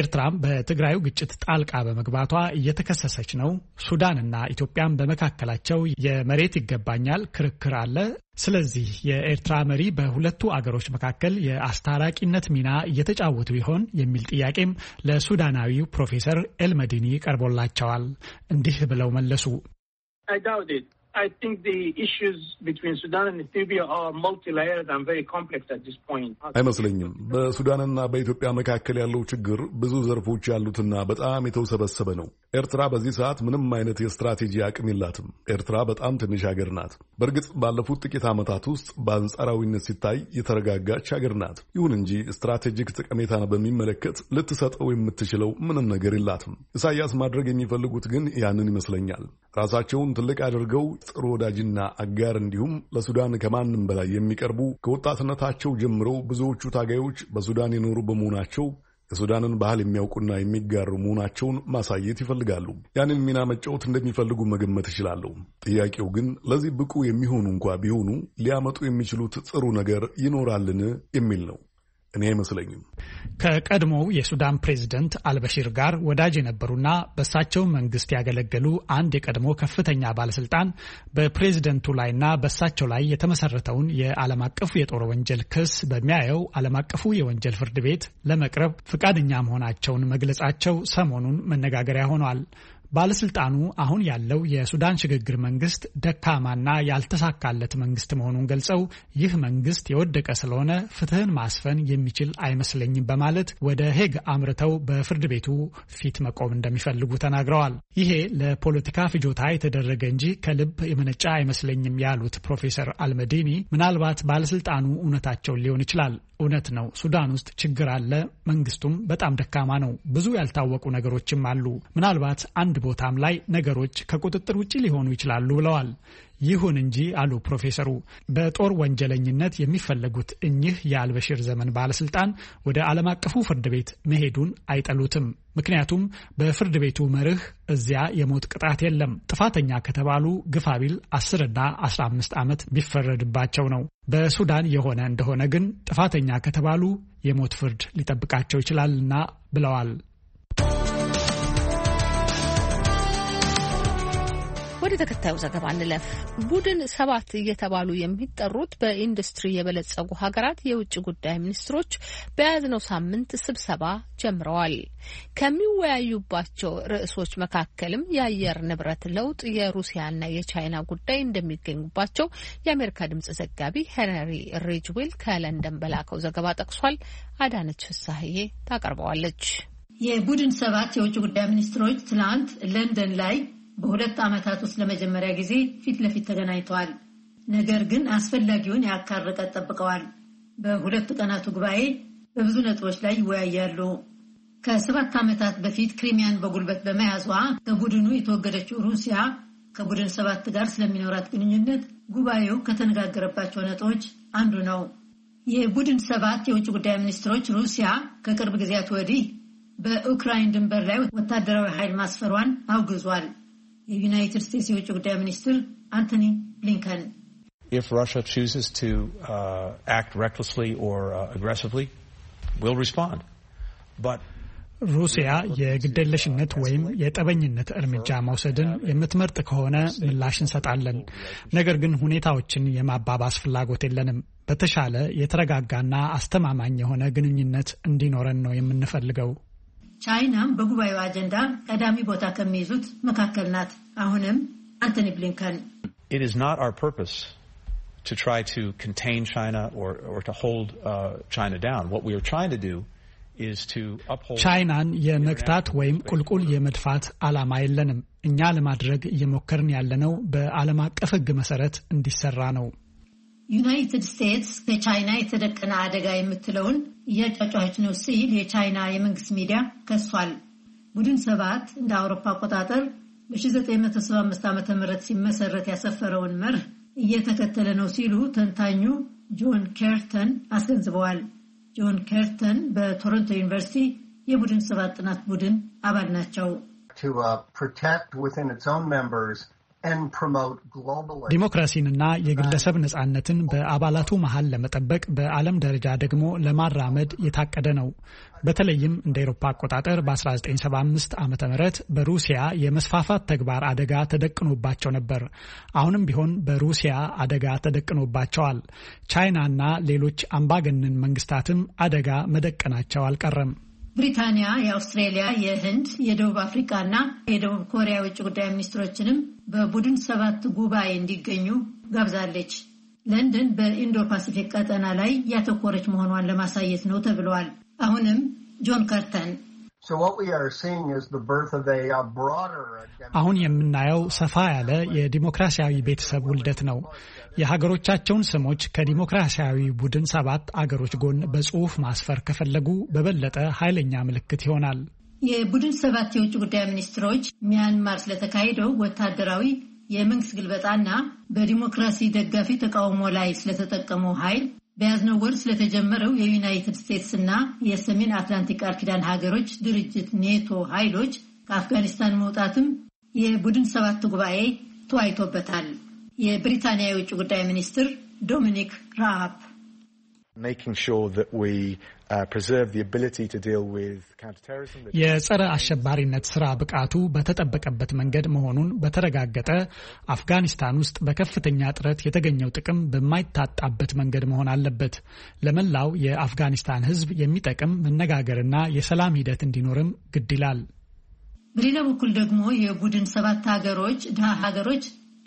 ኤርትራም በትግራዩ ግጭት ጣልቃ በመግባቷ እየተከሰሰች ነው፣ ሱዳንና ኢትዮጵያም በመካከላቸው የመሬት ይገባኛል ክርክር አለ። ስለዚህ የኤርትራ መሪ በሁለቱ አገሮች መካከል የአስታራቂነት ሚና እየተጫወቱ ይሆን የሚል ጥያቄም ለሱዳናዊው ፕሮፌሰር ኤልመዲኒ ቀርቦላቸዋል። እንዲህ ብለው መለሱ። I think the issues between Sudan and Ethiopia are multi-layered and very complex at this point. አይመስለኝም። በሱዳንና በኢትዮጵያ መካከል ያለው ችግር ብዙ ዘርፎች ያሉትና በጣም የተውሰበሰበ ነው። ኤርትራ በዚህ ሰዓት ምንም አይነት የስትራቴጂ አቅም የላትም። ኤርትራ በጣም ትንሽ ሀገር ናት። በእርግጥ ባለፉት ጥቂት ዓመታት ውስጥ በአንጻራዊነት ሲታይ የተረጋጋች ሀገር ናት። ይሁን እንጂ ስትራቴጂክ ጠቀሜታን በሚመለከት ልትሰጠው የምትችለው ምንም ነገር የላትም። ኢሳያስ ማድረግ የሚፈልጉት ግን ያንን ይመስለኛል። ራሳቸውን ትልቅ አድርገው ጥሩ ወዳጅና አጋር እንዲሁም ለሱዳን ከማንም በላይ የሚቀርቡ ከወጣትነታቸው ጀምሮ ብዙዎቹ ታጋዮች በሱዳን የኖሩ በመሆናቸው የሱዳንን ባህል የሚያውቁና የሚጋሩ መሆናቸውን ማሳየት ይፈልጋሉ። ያንን ሚና መጫወት እንደሚፈልጉ መገመት እችላለሁ። ጥያቄው ግን ለዚህ ብቁ የሚሆኑ እንኳ ቢሆኑ ሊያመጡ የሚችሉት ጥሩ ነገር ይኖራልን የሚል ነው። እኔ አይመስለኝም። ከቀድሞው የሱዳን ፕሬዝደንት አልበሺር ጋር ወዳጅ የነበሩና በእሳቸው መንግስት ያገለገሉ አንድ የቀድሞ ከፍተኛ ባለስልጣን በፕሬዝደንቱ ላይና በእሳቸው ላይ የተመሰረተውን የዓለም አቀፉ የጦር ወንጀል ክስ በሚያየው ዓለም አቀፉ የወንጀል ፍርድ ቤት ለመቅረብ ፍቃደኛ መሆናቸውን መግለጻቸው ሰሞኑን መነጋገሪያ ሆኗል። ባለስልጣኑ አሁን ያለው የሱዳን ሽግግር መንግስት ደካማና ያልተሳካለት መንግስት መሆኑን ገልጸው ይህ መንግስት የወደቀ ስለሆነ ፍትህን ማስፈን የሚችል አይመስለኝም በማለት ወደ ሄግ አምርተው በፍርድ ቤቱ ፊት መቆም እንደሚፈልጉ ተናግረዋል። ይሄ ለፖለቲካ ፍጆታ የተደረገ እንጂ ከልብ የመነጫ አይመስለኝም ያሉት ፕሮፌሰር አልመዲኒ ምናልባት ባለስልጣኑ እውነታቸውን ሊሆን ይችላል እውነት ነው ሱዳን ውስጥ ችግር አለ። መንግስቱም በጣም ደካማ ነው። ብዙ ያልታወቁ ነገሮችም አሉ። ምናልባት አንድ ቦታም ላይ ነገሮች ከቁጥጥር ውጭ ሊሆኑ ይችላሉ ብለዋል። ይሁን እንጂ አሉ ፕሮፌሰሩ በጦር ወንጀለኝነት የሚፈለጉት እኚህ የአልበሽር ዘመን ባለስልጣን ወደ ዓለም አቀፉ ፍርድ ቤት መሄዱን አይጠሉትም። ምክንያቱም በፍርድ ቤቱ መርህ እዚያ የሞት ቅጣት የለም። ጥፋተኛ ከተባሉ ግፋቢል 10ና 15 ዓመት ቢፈረድባቸው ነው። በሱዳን የሆነ እንደሆነ ግን ጥፋተኛ ከተባሉ የሞት ፍርድ ሊጠብቃቸው ይችላልና ብለዋል። ወደ ተከታዩ ዘገባ እንለፍ። ቡድን ሰባት እየተባሉ የሚጠሩት በኢንዱስትሪ የበለጸጉ ሀገራት የውጭ ጉዳይ ሚኒስትሮች በያዝነው ሳምንት ስብሰባ ጀምረዋል። ከሚወያዩባቸው ርዕሶች መካከልም የአየር ንብረት ለውጥ፣ የሩሲያና የቻይና ጉዳይ እንደሚገኙባቸው የአሜሪካ ድምጽ ዘጋቢ ሄነሪ ሪጅዌል ከለንደን በላከው ዘገባ ጠቅሷል። አዳነች ፍሳህዬ ታቀርበዋለች። የቡድን ሰባት የውጭ ጉዳይ ሚኒስትሮች ትናንት ለንደን ላይ በሁለት ዓመታት ውስጥ ለመጀመሪያ ጊዜ ፊት ለፊት ተገናኝተዋል። ነገር ግን አስፈላጊውን የአካል ጠብቀዋል። በሁለት ቀናቱ ጉባኤ በብዙ ነጥቦች ላይ ይወያያሉ። ከሰባት ዓመታት በፊት ክሪሚያን በጉልበት በመያዟ ከቡድኑ የተወገደችው ሩሲያ ከቡድን ሰባት ጋር ስለሚኖራት ግንኙነት ጉባኤው ከተነጋገረባቸው ነጥቦች አንዱ ነው። የቡድን ሰባት የውጭ ጉዳይ ሚኒስትሮች ሩሲያ ከቅርብ ጊዜያት ወዲህ በኡክራይን ድንበር ላይ ወታደራዊ ኃይል ማስፈሯን አውግዟል። የዩናይትድ ስቴትስ የውጭ ጉዳይ ሚኒስትር አንቶኒ ብሊንከን if Russia chooses to uh, act recklessly or uh, aggressively, we'll respond. But ሩሲያ የግደለሽነት ወይም የጠበኝነት እርምጃ መውሰድን የምትመርጥ ከሆነ ምላሽ እንሰጣለን። ነገር ግን ሁኔታዎችን የማባባስ ፍላጎት የለንም። በተሻለ የተረጋጋና አስተማማኝ የሆነ ግንኙነት እንዲኖረን ነው የምንፈልገው። ቻይናም በጉባኤው አጀንዳ ቀዳሚ ቦታ ከሚይዙት መካከል ናት። አሁንም አንቶኒ ብሊንከን to try to contain China or, or to hold uh, China down. What we are trying to do is to uphold ቻይናን የመግታት ወይም ቁልቁል የመድፋት ዓላማ የለንም። እኛ ለማድረግ እየሞከርን ያለነው በዓለም አቀፍ ሕግ መሰረት እንዲሰራ ነው። ዩናይትድ ስቴትስ ከቻይና የተደቀነ አደጋ የምትለውን እያጫጫች ነው ሲል የቻይና የመንግስት ሚዲያ ከሷል። ቡድን ሰባት እንደ አውሮፓ አቆጣጠር በ1975 ዓ ም ሲመሰረት ያሰፈረውን መርህ እየተከተለ ነው ሲሉ ተንታኙ ጆን ኬርተን አስገንዝበዋል። ጆን ኬርተን በቶሮንቶ ዩኒቨርሲቲ የቡድን ሰባት ጥናት ቡድን አባል ናቸው። uh, ዲሞክራሲንና የግለሰብ ነጻነትን በአባላቱ መሀል ለመጠበቅ በዓለም ደረጃ ደግሞ ለማራመድ የታቀደ ነው። በተለይም እንደ ኤሮፓ አቆጣጠር በ1975 ዓ ም በሩሲያ የመስፋፋት ተግባር አደጋ ተደቅኖባቸው ነበር። አሁንም ቢሆን በሩሲያ አደጋ ተደቅኖባቸዋል። ቻይናና ሌሎች አምባገነን መንግስታትም አደጋ መደቀናቸው አልቀረም። ብሪታንያ የአውስትሬሊያ፣ የህንድ፣ የደቡብ አፍሪካ እና የደቡብ ኮሪያ የውጭ ጉዳይ ሚኒስትሮችንም በቡድን ሰባት ጉባኤ እንዲገኙ ጋብዛለች። ለንደን በኢንዶ ፓሲፊክ ቀጠና ላይ ያተኮረች መሆኗን ለማሳየት ነው ተብለዋል። አሁንም ጆን ከርተን አሁን የምናየው ሰፋ ያለ የዲሞክራሲያዊ ቤተሰብ ውልደት ነው። የሀገሮቻቸውን ስሞች ከዲሞክራሲያዊ ቡድን ሰባት አገሮች ጎን በጽሑፍ ማስፈር ከፈለጉ በበለጠ ኃይለኛ ምልክት ይሆናል። የቡድን ሰባት የውጭ ጉዳይ ሚኒስትሮች ሚያንማር ስለተካሄደው ወታደራዊ የመንግስት ግልበጣና በዲሞክራሲ ደጋፊ ተቃውሞ ላይ ስለተጠቀመው ኃይል በያዝነው ወር ስለተጀመረው የዩናይትድ ስቴትስ እና የሰሜን አትላንቲክ ቃል ኪዳን ሀገሮች ድርጅት ኔቶ ኃይሎች ከአፍጋኒስታን መውጣትም የቡድን ሰባት ጉባኤ ተዋይቶበታል። የብሪታንያ የውጭ ጉዳይ ሚኒስትር ዶሚኒክ ራሃፕ የጸረ አሸባሪነት ስራ ብቃቱ በተጠበቀበት መንገድ መሆኑን በተረጋገጠ አፍጋኒስታን ውስጥ በከፍተኛ ጥረት የተገኘው ጥቅም በማይታጣበት መንገድ መሆን አለበት። ለመላው የአፍጋኒስታን ሕዝብ የሚጠቅም መነጋገርና የሰላም ሂደት እንዲኖርም ግድ ይላል። በሌላ በኩል ደግሞ የቡድን ሰባት ሀገሮች ድሃ ሀገሮች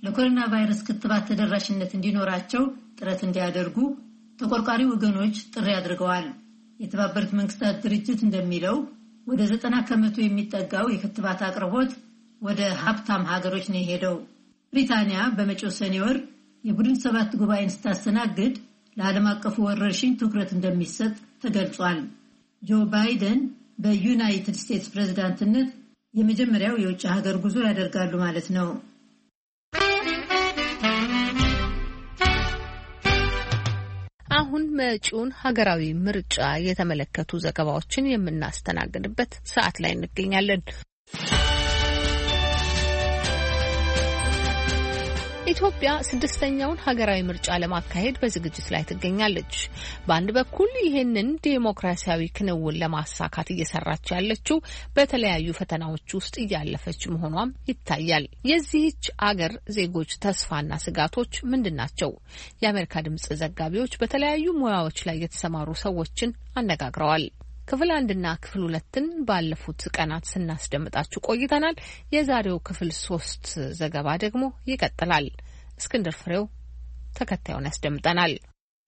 ለኮሮና ቫይረስ ክትባት ተደራሽነት እንዲኖራቸው ጥረት እንዲያደርጉ ተቆርቋሪ ወገኖች ጥሪ አድርገዋል። የተባበሩት መንግስታት ድርጅት እንደሚለው ወደ ዘጠና ከመቶ የሚጠጋው የክትባት አቅርቦት ወደ ሀብታም ሀገሮች ነው የሄደው። ብሪታንያ በመጪው ሰኔ ወር የቡድን ሰባት ጉባኤን ስታስተናግድ ለዓለም አቀፉ ወረርሽኝ ትኩረት እንደሚሰጥ ተገልጿል። ጆ ባይደን በዩናይትድ ስቴትስ ፕሬዝዳንትነት የመጀመሪያው የውጭ ሀገር ጉዞ ያደርጋሉ ማለት ነው። አሁን መጪውን ሀገራዊ ምርጫ የተመለከቱ ዘገባዎችን የምናስተናግድበት ሰዓት ላይ እንገኛለን። ኢትዮጵያ ስድስተኛውን ሀገራዊ ምርጫ ለማካሄድ በዝግጅት ላይ ትገኛለች። በአንድ በኩል ይህንን ዴሞክራሲያዊ ክንውን ለማሳካት እየሰራች ያለችው በተለያዩ ፈተናዎች ውስጥ እያለፈች መሆኗም ይታያል። የዚህች አገር ዜጎች ተስፋና ስጋቶች ምንድን ናቸው? የአሜሪካ ድምጽ ዘጋቢዎች በተለያዩ ሙያዎች ላይ የተሰማሩ ሰዎችን አነጋግረዋል። ክፍል አንድና ክፍል ሁለትን ባለፉት ቀናት ስናስደምጣችሁ ቆይተናል። የዛሬው ክፍል ሶስት ዘገባ ደግሞ ይቀጥላል። እስክንድር ፍሬው ተከታዩን ያስደምጠናል።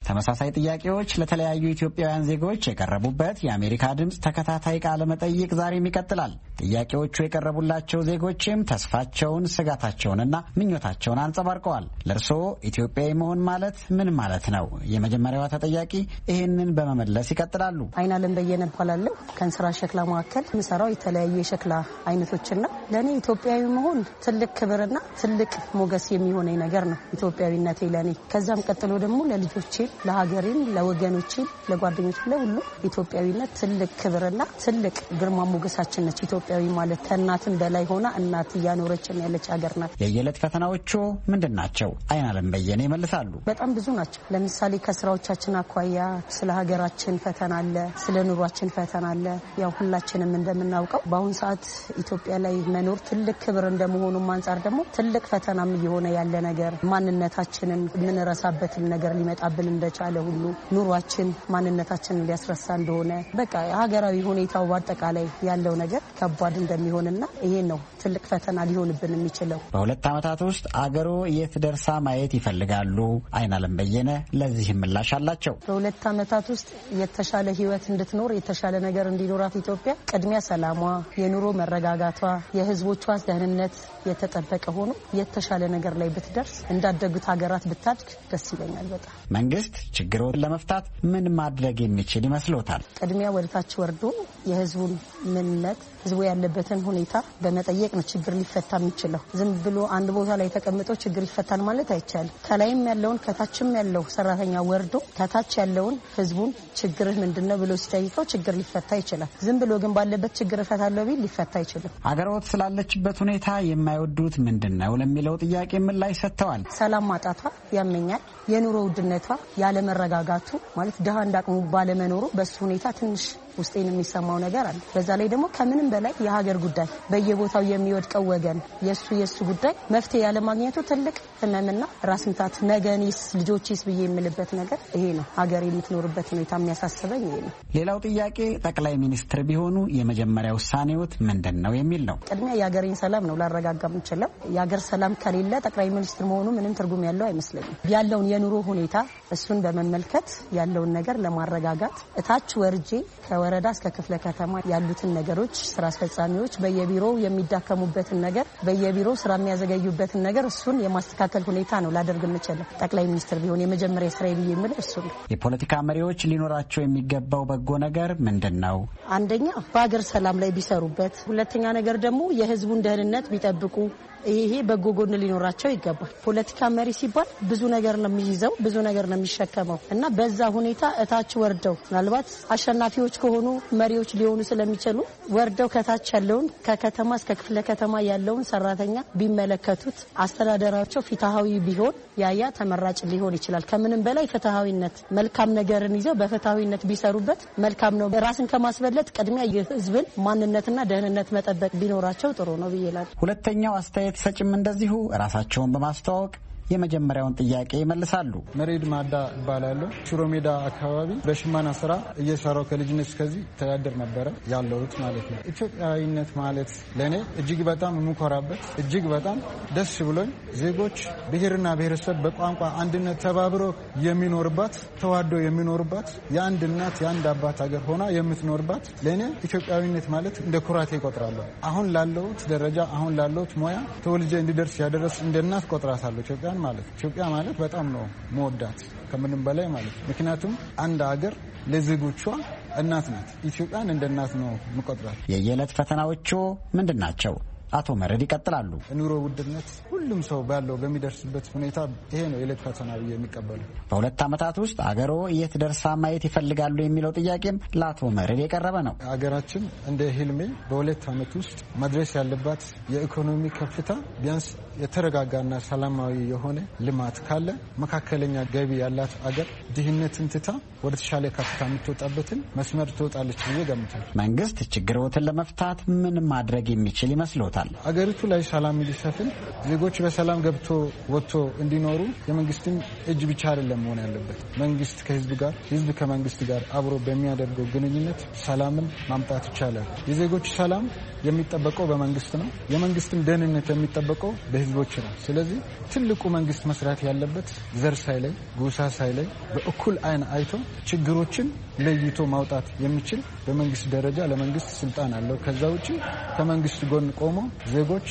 ተመሳሳይ ጥያቄዎች ለተለያዩ ኢትዮጵያውያን ዜጎች የቀረቡበት የአሜሪካ ድምፅ ተከታታይ ቃለ መጠይቅ ዛሬም ይቀጥላል። ጥያቄዎቹ የቀረቡላቸው ዜጎችም ተስፋቸውን፣ ስጋታቸውንና ምኞታቸውን አንጸባርቀዋል። ለእርስዎ ኢትዮጵያዊ መሆን ማለት ምን ማለት ነው? የመጀመሪያዋ ተጠያቂ ይህንን በመመለስ ይቀጥላሉ። አይናለም በየነ እባላለሁ። ከእንስራ ሸክላ መካከል የምሰራው የተለያዩ የሸክላ አይነቶችና ለእኔ ኢትዮጵያዊ መሆን ትልቅ ክብርና ትልቅ ሞገስ የሚሆነኝ ነገር ነው። ኢትዮጵያዊነቴ ለእኔ ከዛም ቀጥሎ ደግሞ ለልጆቼ ለሀገሬም፣ ለወገኖችም ለጓደኞች ለሁሉም ኢትዮጵያዊነት ትልቅ ክብርና ትልቅ ግርማ ሞገሳችን ነች። ኢትዮጵያዊ ማለት ከእናትም በላይ ሆና እናት እያኖረችን ያለች ሀገር ናት። የየዕለት ፈተናዎቹ ምንድን ናቸው? አይናለም በየነ ይመልሳሉ። በጣም ብዙ ናቸው። ለምሳሌ ከስራዎቻችን አኳያ ስለ ሀገራችን ፈተና አለ፣ ስለ ኑሯችን ፈተና አለ። ያው ሁላችንም እንደምናውቀው በአሁኑ ሰዓት ኢትዮጵያ ላይ መኖር ትልቅ ክብር እንደመሆኑም አንጻር ደግሞ ትልቅ ፈተናም እየሆነ ያለ ነገር ማንነታችንን የምንረሳበትን ነገር ሊመጣብን እንደቻለ ሁሉ ኑሯችን ማንነታችንን ሊያስረሳ እንደሆነ በቃ ሀገራዊ ሁኔታው በአጠቃላይ ያለው ነገር ከባድ እንደሚሆንና ይሄን ነው ትልቅ ፈተና ሊሆንብን የሚችለው። በሁለት ዓመታት ውስጥ አገሮ የት ደርሳ ማየት ይፈልጋሉ? አይናለም በየነ ለዚህም ምላሽ አላቸው። በሁለት ዓመታት ውስጥ የተሻለ ህይወት እንድትኖር የተሻለ ነገር እንዲኖራት ኢትዮጵያ ቅድሚያ ሰላሟ፣ የኑሮ መረጋጋቷ፣ የህዝቦቿ ደህንነት የተጠበቀ ሆኖ የተሻለ ነገር ላይ ብትደርስ እንዳደጉት ሀገራት ብታድግ ደስ ይለኛል በጣም። መንግስት ችግሮን ለመፍታት ምን ማድረግ የሚችል ይመስሎታል? ቅድሚያ ወደታች ወርዶ የህዝቡን ምንነት ህዝቡ ያለበትን ሁኔታ በመጠየቅ ነው ችግር ሊፈታ የሚችለው። ዝም ብሎ አንድ ቦታ ላይ ተቀምጦ ችግር ይፈታል ማለት አይቻልም። ከላይም ያለውን ከታችም ያለው ሰራተኛ ወርዶ ከታች ያለውን ህዝቡን ችግርህ ምንድን ነው ብሎ ሲጠይቀው ችግር ሊፈታ ይችላል። ዝም ብሎ ግን ባለበት ችግር እፈታለሁ ቢል ሊፈታ አይችልም። አገሮት ስላለችበት ሁኔታ የማይወዱት ምንድን ነው ለሚለው ጥያቄ ምላሽ ሰጥተዋል። ሰላም ማጣቷ ያመኛል። የኑሮ ውድነቷ፣ ያለመረጋጋቱ ማለት ድሃ እንዳቅሙ ባለመኖሩ በሱ ሁኔታ ትንሽ ውስጤን የሚሰማው ነገር አለ። በዛ ላይ ደግሞ ከምንም በላይ የሀገር ጉዳይ በየቦታው የሚወድቀው ወገን የእሱ የእሱ ጉዳይ መፍትሄ ያለማግኘቱ ትልቅ ህመምና ራስ ምታት፣ ነገኔስ ልጆቼስ ብዬ የምልበት ነገር ይሄ ነው። ሀገር የምትኖርበት ሁኔታ የሚያሳስበኝ ይሄ ነው። ሌላው ጥያቄ ጠቅላይ ሚኒስትር ቢሆኑ የመጀመሪያ ውሳኔዎት ምንድን ነው የሚል ነው። ቅድሚያ የሀገሬን ሰላም ነው ላረጋጋ የምችለው። የሀገር ሰላም ከሌለ ጠቅላይ ሚኒስትር መሆኑ ምንም ትርጉም ያለው አይመስለኝም። ያለውን የኑሮ ሁኔታ እሱን በመመልከት ያለውን ነገር ለማረጋጋት እታች ወርጄ ከወረዳ እስከ ክፍለ ከተማ ያሉትን ነገሮች ስራ አስፈጻሚዎች በየቢሮው የሚዳከሙበትን ነገር በየቢሮው ስራ የሚያዘገዩበትን ነገር እሱን የማስተካከል ሁኔታ ነው ላደርግ የምችለው። ጠቅላይ ሚኒስትር ቢሆን የመጀመሪያ ስራ ብዬ የምለው እሱ ነው። የፖለቲካ መሪዎች ሊኖራቸው የሚገባው በጎ ነገር ምንድን ነው? አንደኛ በሀገር ሰላም ላይ ቢሰሩበት፣ ሁለተኛ ነገር ደግሞ የህዝቡን ደህንነት ቢጠብቁ ይሄ በጎ ጎን ሊኖራቸው ይገባል። ፖለቲካ መሪ ሲባል ብዙ ነገር ነው የሚይዘው፣ ብዙ ነገር ነው የሚሸከመው እና በዛ ሁኔታ እታች ወርደው ምናልባት አሸናፊዎች ከሆኑ መሪዎች ሊሆኑ ስለሚችሉ ወርደው ከታች ያለውን ከከተማ እስከ ክፍለ ከተማ ያለውን ሰራተኛ ቢመለከቱት አስተዳደራቸው ፍትሐዊ ቢሆን ያያ ተመራጭ ሊሆን ይችላል። ከምንም በላይ ፍትሃዊነት መልካም ነገርን ይዘው በፍትሃዊነት ቢሰሩበት መልካም ነው። ራስን ከማስበለጥ ቅድሚያ የህዝብን ማንነትና ደህንነት መጠበቅ ቢኖራቸው ጥሩ ነው ብዬ እላለሁ። ሁለተኛው አስተያየት አስተያየት ሰጭም እንደዚሁ ራሳቸውን በማስተዋወቅ የመጀመሪያውን ጥያቄ ይመልሳሉ። መሬድ ማዳ እባላለሁ። ሽሮ ሜዳ አካባቢ በሽመና ስራ እየሰራው ከልጅነት እስከዚህ ተዳደር ነበረ ያለሁት ማለት ነው። ኢትዮጵያዊነት ማለት ለእኔ እጅግ በጣም የምኮራበት እጅግ በጣም ደስ ብሎኝ ዜጎች ብሔርና ብሔረሰብ በቋንቋ አንድነት ተባብሮ የሚኖርባት ተዋዶ የሚኖርባት የአንድ እናት የአንድ አባት ሀገር ሆና የምትኖርባት ለእኔ ኢትዮጵያዊነት ማለት እንደ ኩራቴ ይቆጥራለሁ። አሁን ላለሁት ደረጃ አሁን ላለሁት ሙያ ተወልጄ እንዲደርስ ያደረስ እንደ እናት ቆጥራታለሁ ኢትዮጵያን ማለት ኢትዮጵያ ማለት በጣም ነው መወዳት ከምንም በላይ ማለት ምክንያቱም አንድ ሀገር ለዜጎቿ እናት ናት። ኢትዮጵያን እንደ እናት ነው ምቆጥራት። የየዕለት ፈተናዎቹ ምንድን ናቸው? አቶ መረድ ይቀጥላሉ። ኑሮ ውድነት ሁሉም ሰው ባለው በሚደርስበት ሁኔታ ይሄ ነው የዕለት ፈተና ብዬ የሚቀበሉ። በሁለት ዓመታት ውስጥ አገሮ የት ደርሳ ማየት ይፈልጋሉ የሚለው ጥያቄም ለአቶ መረድ የቀረበ ነው። አገራችን እንደ ህልሜ በሁለት ዓመት ውስጥ መድረስ ያለባት የኢኮኖሚ ከፍታ ቢያንስ የተረጋጋና ሰላማዊ የሆነ ልማት ካለ መካከለኛ ገቢ ያላት አገር ድህነትን ትታ ወደ ተሻለ ከፍታ የምትወጣበትን መስመር ትወጣለች ብዬ ገምታል። መንግስት ችግሮትን ለመፍታት ምን ማድረግ የሚችል ይመስሎታል? አገሪቱ ላይ ሰላም እንዲሰፍን ዜጎች በሰላም ገብቶ ወጥቶ እንዲኖሩ የመንግስትን እጅ ብቻ አይደለም መሆን ያለበት። መንግስት ከህዝብ ጋር፣ ህዝብ ከመንግስት ጋር አብሮ በሚያደርገው ግንኙነት ሰላምን ማምጣት ይቻላል። የዜጎች ሰላም የሚጠበቀው በመንግስት ነው። የመንግስትም ደህንነት የሚጠበቀው በህዝብ ህዝቦች ነው። ስለዚህ ትልቁ መንግስት መስራት ያለበት ዘር ሳይለይ፣ ጎሳ ሳይለይ በእኩል አይን አይቶ ችግሮችን ለይቶ ማውጣት የሚችል በመንግስት ደረጃ ለመንግስት ስልጣን አለው። ከዛ ውጭ ከመንግስት ጎን ቆሞ ዜጎች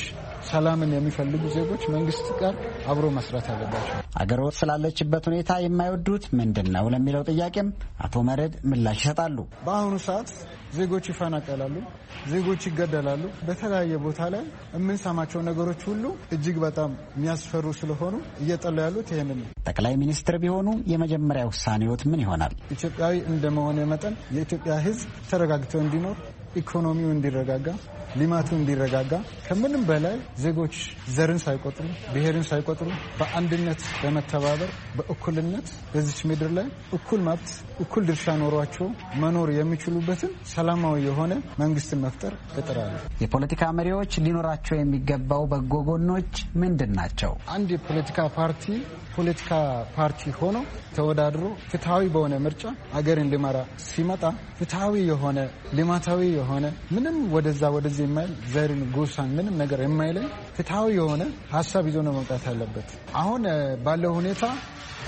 ሰላምን የሚፈልጉ ዜጎች መንግስት ጋር አብሮ መስራት አለባቸው። አገር ወጥ ስላለችበት ሁኔታ የማይወዱት ምንድን ነው ለሚለው ጥያቄም አቶ መረድ ምላሽ ይሰጣሉ። በአሁኑ ሰዓት ዜጎች ይፈናቀላሉ፣ ዜጎች ይገደላሉ። በተለያየ ቦታ ላይ የምንሰማቸው ነገሮች ሁሉ እጅግ በጣም የሚያስፈሩ ስለሆኑ እየጠላ ያሉት ይህንን ነው። ጠቅላይ ሚኒስትር ቢሆኑ የመጀመሪያ ውሳኔዎት ምን ይሆናል? ኢትዮጵያዊ እንደመሆነ መጠን የኢትዮጵያ ሕዝብ ተረጋግተው እንዲኖር ኢኮኖሚው እንዲረጋጋ፣ ልማቱ እንዲረጋጋ ከምንም በላይ ዜጎች ዘርን ሳይቆጥሩ ብሔርን ሳይቆጥሩ በአንድነት በመተባበር በእኩልነት በዚች ምድር ላይ እኩል መብት እኩል ድርሻ ኖሯቸው መኖር የሚችሉበትን ሰላማዊ የሆነ መንግስትን መፍጠር እጥራለሁ። የፖለቲካ መሪዎች ሊኖራቸው የሚገባው በጎ ጎኖች ምንድን ናቸው? አንድ የፖለቲካ ፓርቲ ፖለቲካ ፓርቲ ሆኖ ተወዳድሮ ፍትሐዊ በሆነ ምርጫ አገርን ሊመራ ሲመጣ ፍትሐዊ የሆነ ልማታዊ የሆነ ምንም ወደዛ ወደዚህ የማይል ዘርን፣ ጎሳን ምንም ነገር የማይለይ ፍትሐዊ የሆነ ሀሳብ ይዞ ነው መምጣት ያለበት። አሁን ባለው ሁኔታ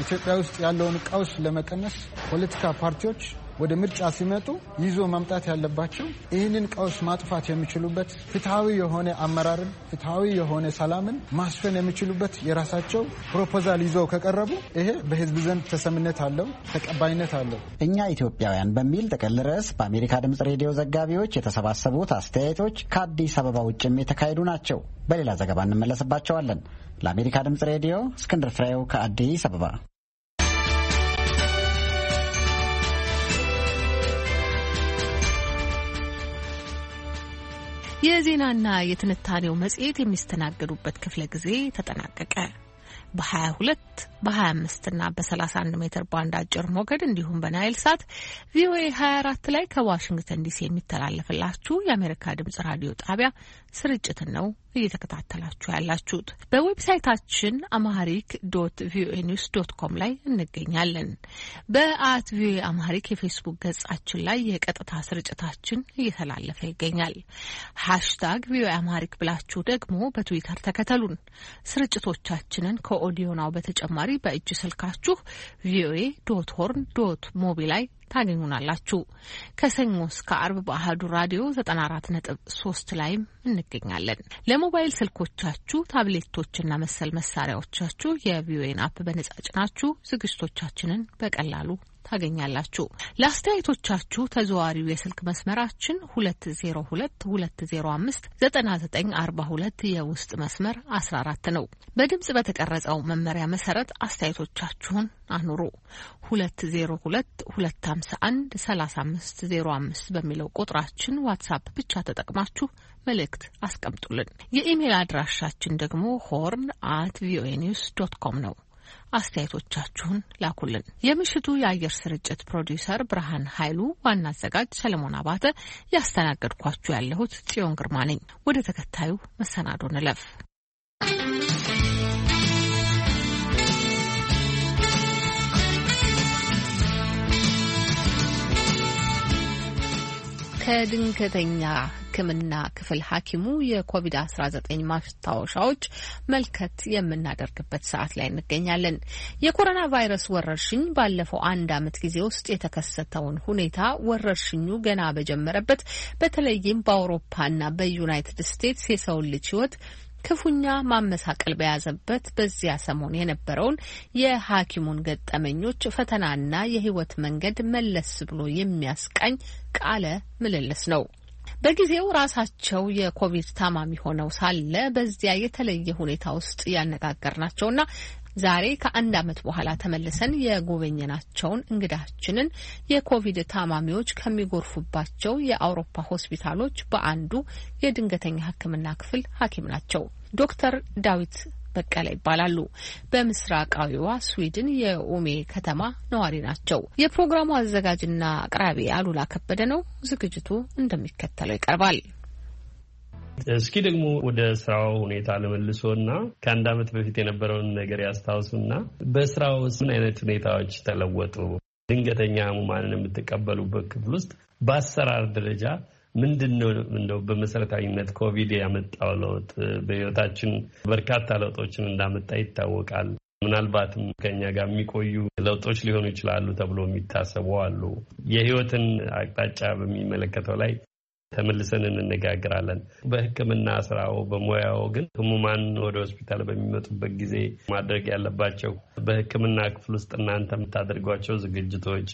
ኢትዮጵያ ውስጥ ያለውን ቀውስ ለመቀነስ ፖለቲካ ፓርቲዎች ወደ ምርጫ ሲመጡ ይዞ ማምጣት ያለባቸው ይህንን ቀውስ ማጥፋት የሚችሉበት ፍትሐዊ የሆነ አመራርን፣ ፍትሐዊ የሆነ ሰላምን ማስፈን የሚችሉበት የራሳቸው ፕሮፖዛል ይዘው ከቀረቡ ይሄ በህዝብ ዘንድ ተሰምነት አለው፣ ተቀባይነት አለው። እኛ ኢትዮጵያውያን በሚል ጥቅል ርዕስ በአሜሪካ ድምጽ ሬዲዮ ዘጋቢዎች የተሰባሰቡት አስተያየቶች ከአዲስ አበባ ውጭም የተካሄዱ ናቸው። በሌላ ዘገባ እንመለስባቸዋለን። ለአሜሪካ ድምጽ ሬዲዮ እስክንድር ፍሬው ከአዲስ አበባ የዜናና የትንታኔው መጽሔት የሚስተናገዱበት ክፍለ ጊዜ ተጠናቀቀ። በ22 በ25 እና በ31 ሜትር ባንድ አጭር ሞገድ እንዲሁም በናይል ሳት ቪኦኤ 24 ላይ ከዋሽንግተን ዲሲ የሚተላለፍላችሁ የአሜሪካ ድምጽ ራዲዮ ጣቢያ ስርጭትን ነው እየተከታተላችሁ ያላችሁት። በዌብሳይታችን አማሃሪክ ዶት ቪኦኤ ኒውስ ዶት ኮም ላይ እንገኛለን። በአት ቪኦኤ አማሃሪክ የፌስቡክ ገጻችን ላይ የቀጥታ ስርጭታችን እየተላለፈ ይገኛል። ሃሽታግ ቪኦኤ አማሪክ ብላችሁ ደግሞ በትዊተር ተከተሉን። ስርጭቶቻችንን ከኦዲዮናው በተጨማሪ በእጅ ስልካችሁ ቪኦኤ ዶት ሆርን ዶት ሞቢ ላይ ታገኙናላችሁ። ከሰኞ እስከ አርብ በአህዱ ራዲዮ 94.3 ላይም እንገኛለን። ለሞባይል ስልኮቻችሁ ታብሌቶችና መሰል መሳሪያዎቻችሁ የቪኦኤን አፕ በነጻ ጭናችሁ ዝግጅቶቻችንን በቀላሉ ታገኛላችሁ። ለአስተያየቶቻችሁ ተዘዋሪው የስልክ መስመራችን 2022059942 የውስጥ መስመር 14 ነው። በድምጽ በተቀረጸው መመሪያ መሰረት አስተያየቶቻችሁን አኑሩ። 2022513505 በሚለው ቁጥራችን ዋትሳፕ ብቻ ተጠቅማችሁ መልእክት አስቀምጡልን። የኢሜል አድራሻችን ደግሞ ሆርን አት ቪኦኤ ኒውስ ዶት ኮም ነው። አስተያየቶቻችሁን ላኩልን። የምሽቱ የአየር ስርጭት ፕሮዲውሰር ብርሃን ኃይሉ፣ ዋና አዘጋጅ ሰለሞን አባተ፣ ያስተናገድኳችሁ ያለሁት ጽዮን ግርማ ነኝ። ወደ ተከታዩ መሰናዶ ንለፍ። ከድንገተኛ የሕክምና ክፍል ሐኪሙ የኮቪድ-19 ማስታወሻዎች መልከት የምናደርግበት ሰዓት ላይ እንገኛለን። የኮሮና ቫይረስ ወረርሽኝ ባለፈው አንድ ዓመት ጊዜ ውስጥ የተከሰተውን ሁኔታ ወረርሽኙ ገና በጀመረበት በተለይም በአውሮፓና በዩናይትድ ስቴትስ የሰውን ልጅ ሕይወት ክፉኛ ማመሳቀል በያዘበት በዚያ ሰሞን የነበረውን የሐኪሙን ገጠመኞች ፈተናና የህይወት መንገድ መለስ ብሎ የሚያስቃኝ ቃለ ምልልስ ነው። በጊዜው ራሳቸው የኮቪድ ታማሚ ሆነው ሳለ በዚያ የተለየ ሁኔታ ውስጥ ያነጋገርናቸውና ዛሬ ከአንድ ዓመት በኋላ ተመልሰን የጎበኘናቸውን እንግዳችንን የኮቪድ ታማሚዎች ከሚጎርፉባቸው የአውሮፓ ሆስፒታሎች በአንዱ የድንገተኛ ሕክምና ክፍል ሐኪም ናቸው ዶክተር ዳዊት በቀለ ይባላሉ። በምስራቃዊዋ ስዊድን የኦሜ ከተማ ነዋሪ ናቸው። የፕሮግራሙ አዘጋጅና አቅራቢ አሉላ ከበደ ነው። ዝግጅቱ እንደሚከተለው ይቀርባል። እስኪ ደግሞ ወደ ስራው ሁኔታ እና ከአንድ ዓመት በፊት የነበረውን ነገር በስራ በስራው ምን አይነት ሁኔታዎች ተለወጡ? ድንገተኛ ህሙማንን የምትቀበሉበት ክፍል ውስጥ በአሰራር ደረጃ ምንድን ነው እንደው በመሰረታዊነት ኮቪድ ያመጣው ለውጥ? በህይወታችን በርካታ ለውጦችን እንዳመጣ ይታወቃል። ምናልባትም ከኛ ጋር የሚቆዩ ለውጦች ሊሆኑ ይችላሉ ተብሎ የሚታሰቡ አሉ። የህይወትን አቅጣጫ በሚመለከተው ላይ ተመልሰን እንነጋግራለን። በህክምና ስራው በሙያው ግን ህሙማን ወደ ሆስፒታል በሚመጡበት ጊዜ ማድረግ ያለባቸው በህክምና ክፍል ውስጥ እናንተ የምታደርጓቸው ዝግጅቶች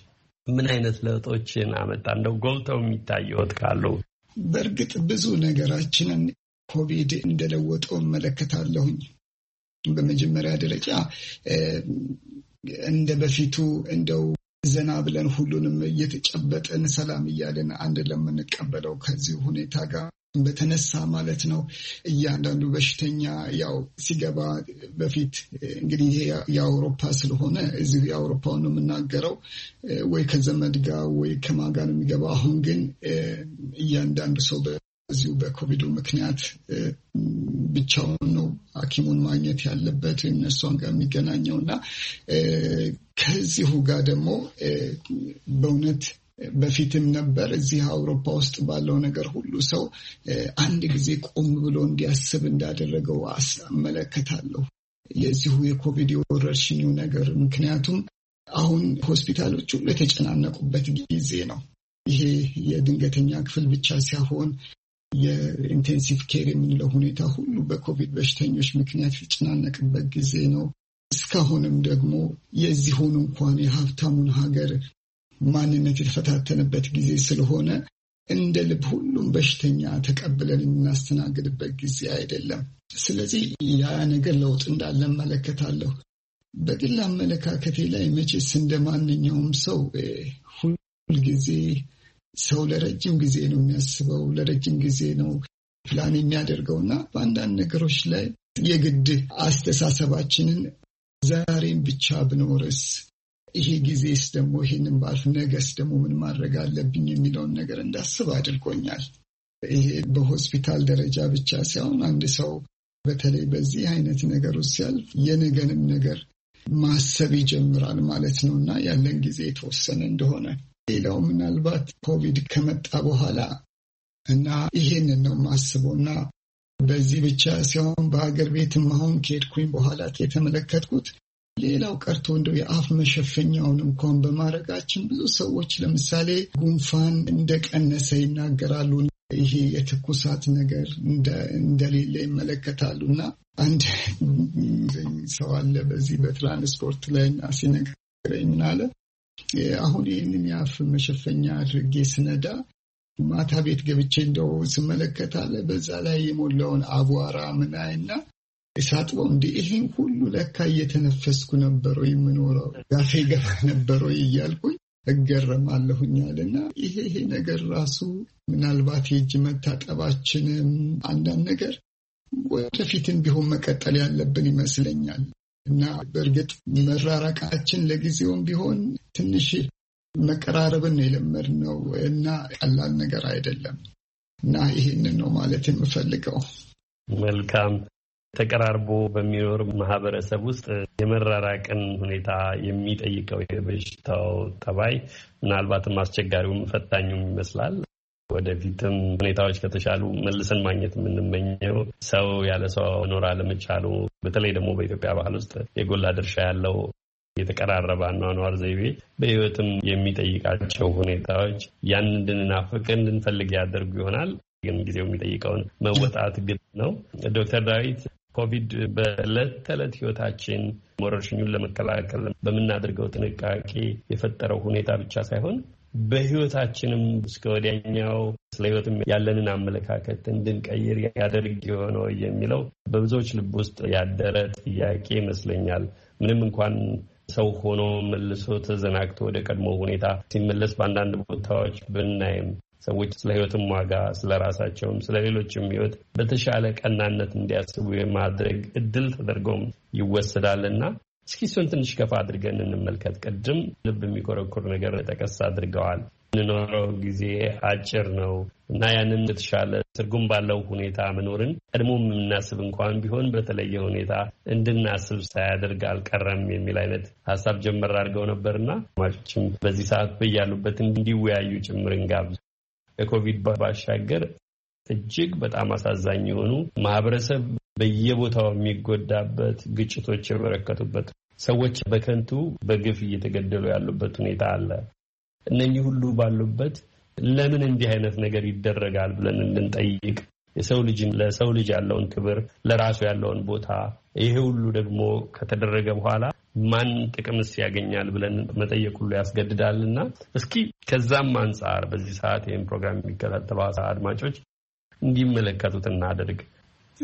ምን አይነት ለውጦችን አመጣ? እንደው ጎልተው የሚታየዎት ካሉ። በእርግጥ ብዙ ነገራችንን ኮቪድ እንደለወጠው እመለከታለሁኝ። በመጀመሪያ ደረጃ እንደ በፊቱ እንደው ዘና ብለን ሁሉንም እየተጨበጠን ሰላም እያለን አንድ ለምንቀበለው ከዚህ ሁኔታ ጋር በተነሳ ማለት ነው። እያንዳንዱ በሽተኛ ያው ሲገባ በፊት እንግዲህ የአውሮፓ ስለሆነ እዚህ የአውሮፓውን ነው የምናገረው፣ ወይ ከዘመድ ጋር ወይ ከማን ጋር ነው የሚገባ። አሁን ግን እያንዳንዱ ሰው በዚሁ በኮቪዱ ምክንያት ብቻውን ነው ሐኪሙን ማግኘት ያለበት ወይም እነሷን ጋር የሚገናኘው እና ከዚሁ ጋር ደግሞ በእውነት በፊትም ነበር እዚህ አውሮፓ ውስጥ ባለው ነገር ሁሉ ሰው አንድ ጊዜ ቆም ብሎ እንዲያስብ እንዳደረገው አመለከታለሁ። የዚሁ የኮቪድ የወረርሽኙ ነገር ምክንያቱም አሁን ሆስፒታሎች ሁሉ የተጨናነቁበት ጊዜ ነው። ይሄ የድንገተኛ ክፍል ብቻ ሳይሆን የኢንቴንሲቭ ኬር የምንለው ሁኔታ ሁሉ በኮቪድ በሽተኞች ምክንያት የተጨናነቅበት ጊዜ ነው። እስካሁንም ደግሞ የዚሁን እንኳን የሀብታሙን ሀገር ማንነት የተፈታተነበት ጊዜ ስለሆነ እንደ ልብ ሁሉም በሽተኛ ተቀብለን የምናስተናግድበት ጊዜ አይደለም። ስለዚህ ያ ነገር ለውጥ እንዳለ እመለከታለሁ። በግል አመለካከቴ ላይ መቼስ እንደ ማንኛውም ሰው ሁልጊዜ ሰው ለረጅም ጊዜ ነው የሚያስበው፣ ለረጅም ጊዜ ነው ፕላን የሚያደርገው እና በአንዳንድ ነገሮች ላይ የግድ አስተሳሰባችንን ዛሬም ብቻ ብኖርስ ይሄ ጊዜስ ደግሞ ይህንን ባልፍ ነገስ ደግሞ ምን ማድረግ አለብኝ የሚለውን ነገር እንዳስብ አድርጎኛል። ይሄ በሆስፒታል ደረጃ ብቻ ሳይሆን አንድ ሰው በተለይ በዚህ አይነት ነገር ውስጥ ሲያልፍ የነገንም ነገር ማሰብ ይጀምራል ማለት ነው እና ያለን ጊዜ የተወሰነ እንደሆነ ሌላው ምናልባት ኮቪድ ከመጣ በኋላ እና ይሄንን ነው ማስበው እና በዚህ ብቻ ሲሆን በሀገር ቤትም አሁን ከሄድኩኝ በኋላ የተመለከትኩት ሌላው ቀርቶ እንደው የአፍ መሸፈኛውን እንኳን በማድረጋችን ብዙ ሰዎች ለምሳሌ ጉንፋን እንደቀነሰ ይናገራሉ። ይሄ የትኩሳት ነገር እንደሌለ ይመለከታሉ። እና አንድ ሰው አለ በዚህ በትራንስፖርት ላይ እና ሲነግረኝ ምን አለ፣ አሁን ይህንን የአፍ መሸፈኛ አድርጌ ስነዳ ማታ ቤት ገብቼ እንደው ስመለከታለ በዛ ላይ የሞላውን አቧራ ምናይና እሳት ወንድ ይሄን ሁሉ ለካ እየተነፈስኩ ነበረ የምኖረው ዳፌ ገባ ነበረው እያልኩኝ እገረማለሁኛልና ይሄ ይሄ ነገር ራሱ ምናልባት የእጅ መታጠባችንም አንዳንድ ነገር ወደፊትም ቢሆን መቀጠል ያለብን ይመስለኛል እና በእርግጥ መራራቃችን ለጊዜውም ቢሆን ትንሽ መቀራረብን ነው የለመድነው እና ቀላል ነገር አይደለም እና ይህንን ነው ማለት የምፈልገው። መልካም ተቀራርቦ በሚኖር ማህበረሰብ ውስጥ የመራራቅን ሁኔታ የሚጠይቀው የበሽታው ጠባይ ምናልባትም አስቸጋሪውም ፈታኙም ይመስላል። ወደፊትም ሁኔታዎች ከተሻሉ መልሰን ማግኘት የምንመኘው ሰው ያለ ሰው መኖር አለመቻሉ፣ በተለይ ደግሞ በኢትዮጵያ ባህል ውስጥ የጎላ ድርሻ ያለው የተቀራረበ አኗኗር ዘይቤ በህይወትም የሚጠይቃቸው ሁኔታዎች ያን እንድንናፍቅ እንድንፈልግ ያደርጉ ይሆናል። ግን ጊዜው የሚጠይቀውን መወጣት ግድ ነው። ዶክተር ዳዊት ኮቪድ በዕለት ተዕለት ህይወታችን ወረርሽኙን ለመከላከል በምናደርገው ጥንቃቄ የፈጠረው ሁኔታ ብቻ ሳይሆን በህይወታችንም እስከ ወዲያኛው ስለ ህይወትም ያለንን አመለካከት እንድንቀይር ያደርግ የሆነው የሚለው በብዙዎች ልብ ውስጥ ያደረ ጥያቄ ይመስለኛል። ምንም እንኳን ሰው ሆኖ መልሶ ተዘናግቶ ወደ ቀድሞ ሁኔታ ሲመለስ በአንዳንድ ቦታዎች ብናይም ሰዎች ስለ ህይወትም ዋጋ ስለ ራሳቸውም ስለ ሌሎችም ህይወት በተሻለ ቀናነት እንዲያስቡ የማድረግ እድል ተደርጎም ይወሰዳልና እስኪ እሱን ትንሽ ከፋ አድርገን እንመልከት። ቅድም ልብ የሚኮረኩር ነገር ጠቀስ አድርገዋል። የምንኖረው ጊዜ አጭር ነው እና ያንን የተሻለ ትርጉም ባለው ሁኔታ መኖርን ቀድሞ የምናስብ እንኳን ቢሆን በተለየ ሁኔታ እንድናስብ ሳያደርግ አልቀረም የሚል አይነት ሀሳብ ጀመር አድርገው ነበርና አድማጮችም በዚህ ሰዓት በያሉበት እንዲወያዩ ጭምር እንጋብዝ። ከኮቪድ ባሻገር እጅግ በጣም አሳዛኝ የሆኑ ማህበረሰብ በየቦታው የሚጎዳበት ግጭቶች የበረከቱበት ሰዎች በከንቱ በግፍ እየተገደሉ ያሉበት ሁኔታ አለ። እነኚህ ሁሉ ባሉበት ለምን እንዲህ አይነት ነገር ይደረጋል ብለን እንድንጠይቅ የሰው ልጅ ለሰው ልጅ ያለውን ክብር፣ ለራሱ ያለውን ቦታ ይሄ ሁሉ ደግሞ ከተደረገ በኋላ ማን ጥቅምስ ያገኛል ብለን መጠየቅ ሁሉ ያስገድዳል እና እስኪ ከዛም አንጻር በዚህ ሰዓት ይህን ፕሮግራም የሚከታተሉ አድማጮች እንዲመለከቱት እናደርግ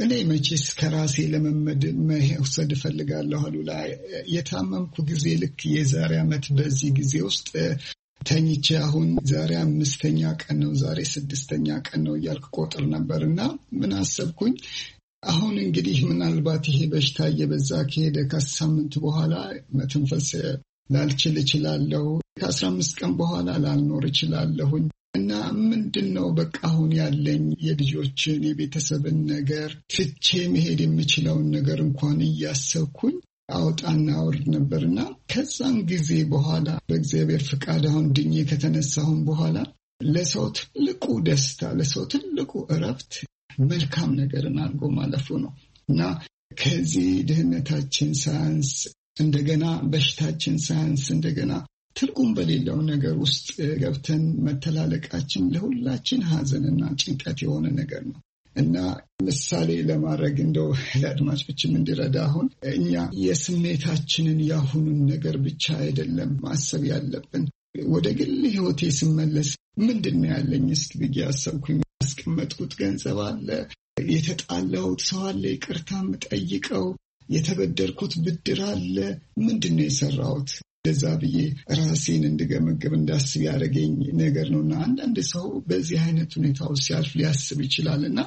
እኔ መቼስ ከራሴ ለመመድ መውሰድ እፈልጋለሁ። አሉላ የታመምኩ ጊዜ ልክ የዛሬ ዓመት በዚህ ጊዜ ውስጥ ተኝቼ አሁን ዛሬ አምስተኛ ቀን ነው፣ ዛሬ ስድስተኛ ቀን ነው እያልክ ቆጥር ነበር እና ምን አሰብኩኝ አሁን እንግዲህ ምናልባት ይሄ በሽታ እየበዛ ከሄደ ከሳምንት በኋላ መተንፈስ ላልችል እችላለሁ፣ ከአስራ አምስት ቀን በኋላ ላልኖር እችላለሁኝ እና ምንድን ነው በቃ አሁን ያለኝ የልጆችን የቤተሰብን ነገር ትቼ መሄድ የምችለውን ነገር እንኳን እያሰብኩኝ አውጣና አውርድ ነበርና ከዛም ጊዜ በኋላ በእግዚአብሔር ፍቃድ አሁን ድኜ ከተነሳሁን በኋላ ለሰው ትልቁ ደስታ፣ ለሰው ትልቁ እረፍት መልካም ነገርን አድርጎ ማለፉ ነው እና ከዚህ ድህነታችን ሳያንስ እንደገና በሽታችን ሳያንስ እንደገና ትርጉም በሌለው ነገር ውስጥ ገብተን መተላለቃችን ለሁላችን ሐዘንና ጭንቀት የሆነ ነገር ነው እና ምሳሌ ለማድረግ እንደው ለአድማጮችም እንዲረዳ አሁን እኛ የስሜታችንን ያሁኑን ነገር ብቻ አይደለም ማሰብ ያለብን። ወደ ግል ህይወቴ ስመለስ ምንድን ነው ያለኝ እስኪ ብዬ አሰብኩኝ። ያስቀመጥኩት ገንዘብ አለ፣ የተጣላሁት ሰው አለ፣ ይቅርታ ጠይቀው የተበደርኩት ብድር አለ። ምንድን ነው የሰራሁት? እንደዛ ብዬ ራሴን እንድገመግብ እንዳስብ ያደረገኝ ነገር ነው እና አንዳንድ ሰው በዚህ አይነት ሁኔታ ውስጥ ሲያልፍ ሊያስብ ይችላል እና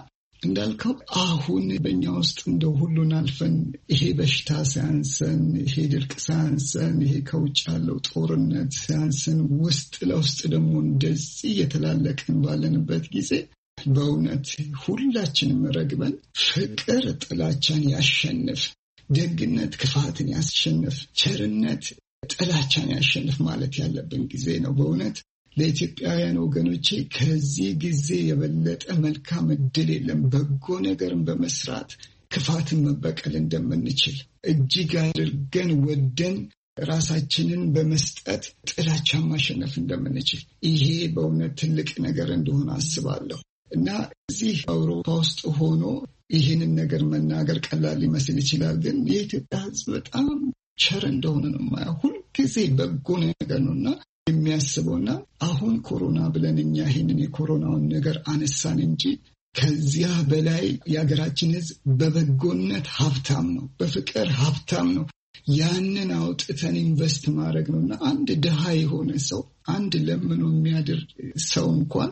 እንዳልከው አሁን በእኛ ውስጥ እንደ ሁሉን አልፈን ይሄ በሽታ ሳያንሰን፣ ይሄ ድርቅ ሳያንሰን፣ ይሄ ከውጭ ያለው ጦርነት ሳያንሰን ውስጥ ለውስጥ ደግሞ እንደዚህ እየተላለቅን ባለንበት ጊዜ በእውነት ሁላችንም ረግበን ፍቅር ጥላቻን ያሸንፍ፣ ደግነት ክፋትን ያሸንፍ፣ ቸርነት ጥላቻን ያሸንፍ ማለት ያለብን ጊዜ ነው። በእውነት ለኢትዮጵያውያን ወገኖቼ ከዚህ ጊዜ የበለጠ መልካም እድል የለም። በጎ ነገርን በመስራት ክፋትን መበቀል እንደምንችል እጅግ አድርገን ወደን ራሳችንን በመስጠት ጥላቻን ማሸነፍ እንደምንችል ይሄ በእውነት ትልቅ ነገር እንደሆነ አስባለሁ። እና እዚህ አውሮፓ ውስጥ ሆኖ ይህንን ነገር መናገር ቀላል ሊመስል ይችላል። ግን የኢትዮጵያ ሕዝብ በጣም ቸር እንደሆነ ነው የማየው። ሁልጊዜ በጎ ነገር ነው እና የሚያስበውና አሁን ኮሮና ብለን እኛ ይህንን የኮሮናውን ነገር አነሳን እንጂ ከዚያ በላይ የሀገራችን ሕዝብ በበጎነት ሀብታም ነው፣ በፍቅር ሀብታም ነው። ያንን አውጥተን ኢንቨስት ማድረግ ነው እና አንድ ድሃ የሆነ ሰው አንድ ለምኖ የሚያድር ሰው እንኳን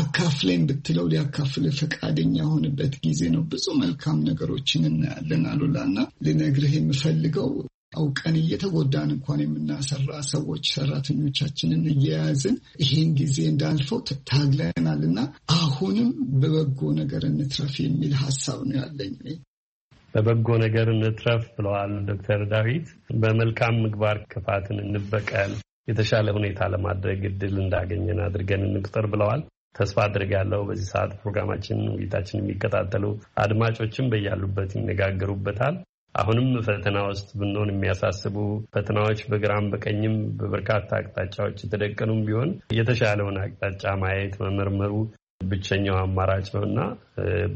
አካፍለኝ ብትለው ሊያካፍል ፈቃደኛ የሆንበት ጊዜ ነው። ብዙ መልካም ነገሮችን እናያለን አሉላ እና ልነግርህ የምፈልገው አውቀን እየተጎዳን እንኳን የምናሰራ ሰዎች ሰራተኞቻችንን እየያዝን ይህን ጊዜ እንዳልፈው ታግለናል እና አሁንም በበጎ ነገር እንትረፍ የሚል ሀሳብ ነው ያለኝ። በበጎ ነገር እንትረፍ ብለዋል ዶክተር ዳዊት። በመልካም ምግባር ክፋትን እንበቀል፣ የተሻለ ሁኔታ ለማድረግ እድል እንዳገኘን አድርገን እንቁጠር ብለዋል። ተስፋ አድርጋለሁ። በዚህ ሰዓት ፕሮግራማችን ውይይታችን የሚከታተሉ አድማጮችም በያሉበት ይነጋገሩበታል። አሁንም ፈተና ውስጥ ብንሆን የሚያሳስቡ ፈተናዎች በግራም በቀኝም በበርካታ አቅጣጫዎች የተደቀኑም ቢሆን የተሻለውን አቅጣጫ ማየት መመርመሩ ብቸኛው አማራጭ ነው እና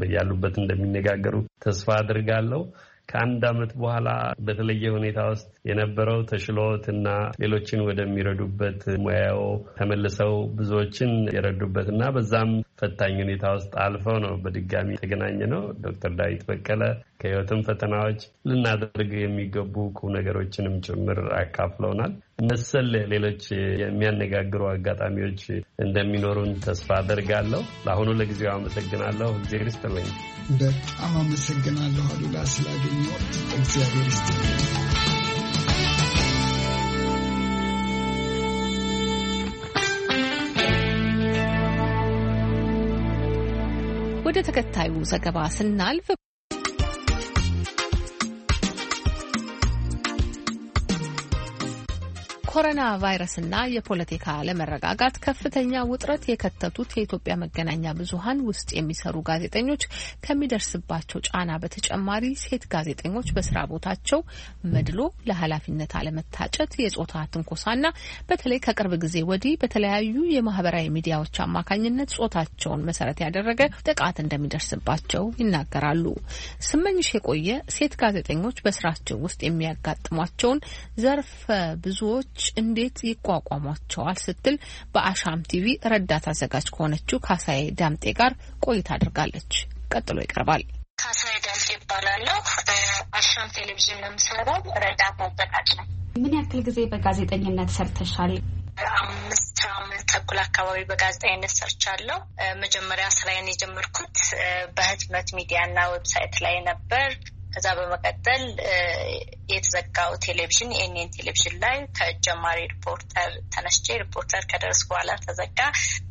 በያሉበት እንደሚነጋገሩ ተስፋ አድርጋለሁ። ከአንድ ዓመት በኋላ በተለየ ሁኔታ ውስጥ የነበረው ተሽሎት እና ሌሎችን ወደሚረዱበት ሙያው ተመልሰው ብዙዎችን የረዱበት እና በዛም ፈታኝ ሁኔታ ውስጥ አልፈው ነው በድጋሚ የተገናኘ ነው። ዶክተር ዳዊት በቀለ ከህይወትም ፈተናዎች ልናደርግ የሚገቡ ቁም ነገሮችንም ጭምር አካፍለውናል። መሰል ሌሎች የሚያነጋግሩ አጋጣሚዎች እንደሚኖሩን ተስፋ አደርጋለሁ። ለአሁኑ ለጊዜው አመሰግናለሁ። እግዚአብሔር ይስጥልኝ። በጣም አመሰግናለሁ አሉላ ስላገኘው። እግዚአብሔር ይስጥልኝ። ወደ ተከታዩ ዘገባ ስናልፍ ኮሮና ቫይረስና የፖለቲካ አለመረጋጋት ከፍተኛ ውጥረት የከተቱት የኢትዮጵያ መገናኛ ብዙኃን ውስጥ የሚሰሩ ጋዜጠኞች ከሚደርስባቸው ጫና በተጨማሪ ሴት ጋዜጠኞች በስራ ቦታቸው መድሎ፣ ለኃላፊነት አለመታጨት፣ የጾታ ትንኮሳና በተለይ ከቅርብ ጊዜ ወዲህ በተለያዩ የማህበራዊ ሚዲያዎች አማካኝነት ጾታቸውን መሰረት ያደረገ ጥቃት እንደሚደርስባቸው ይናገራሉ። ስመኝሽ የቆየ ሴት ጋዜጠኞች በስራቸው ውስጥ የሚያጋጥሟቸውን ዘርፈ ብዙዎች ሰዎች እንዴት ይቋቋሟቸዋል ስትል በአሻም ቲቪ ረዳት አዘጋጅ ከሆነችው ካሳዬ ዳምጤ ጋር ቆይታ አድርጋለች። ቀጥሎ ይቀርባል። ካሳዬ ዳምጤ ይባላለሁ። አሻም ቴሌቪዥን ለምሰራው ረዳት አዘጋጅ ነው። ምን ያክል ጊዜ በጋዜጠኝነት ሰርተሻል? አምስት ዓመት ተኩል አካባቢ በጋዜጠኝነት ሰርቻለሁ። መጀመሪያ ስራዬን የጀመርኩት በህትመት ሚዲያና ዌብሳይት ላይ ነበር። ከዛ በመቀጠል የተዘጋው ቴሌቪዥን የኔን ቴሌቪዥን ላይ ከጀማሪ ሪፖርተር ተነስቼ ሪፖርተር ከደረስ በኋላ ተዘጋ።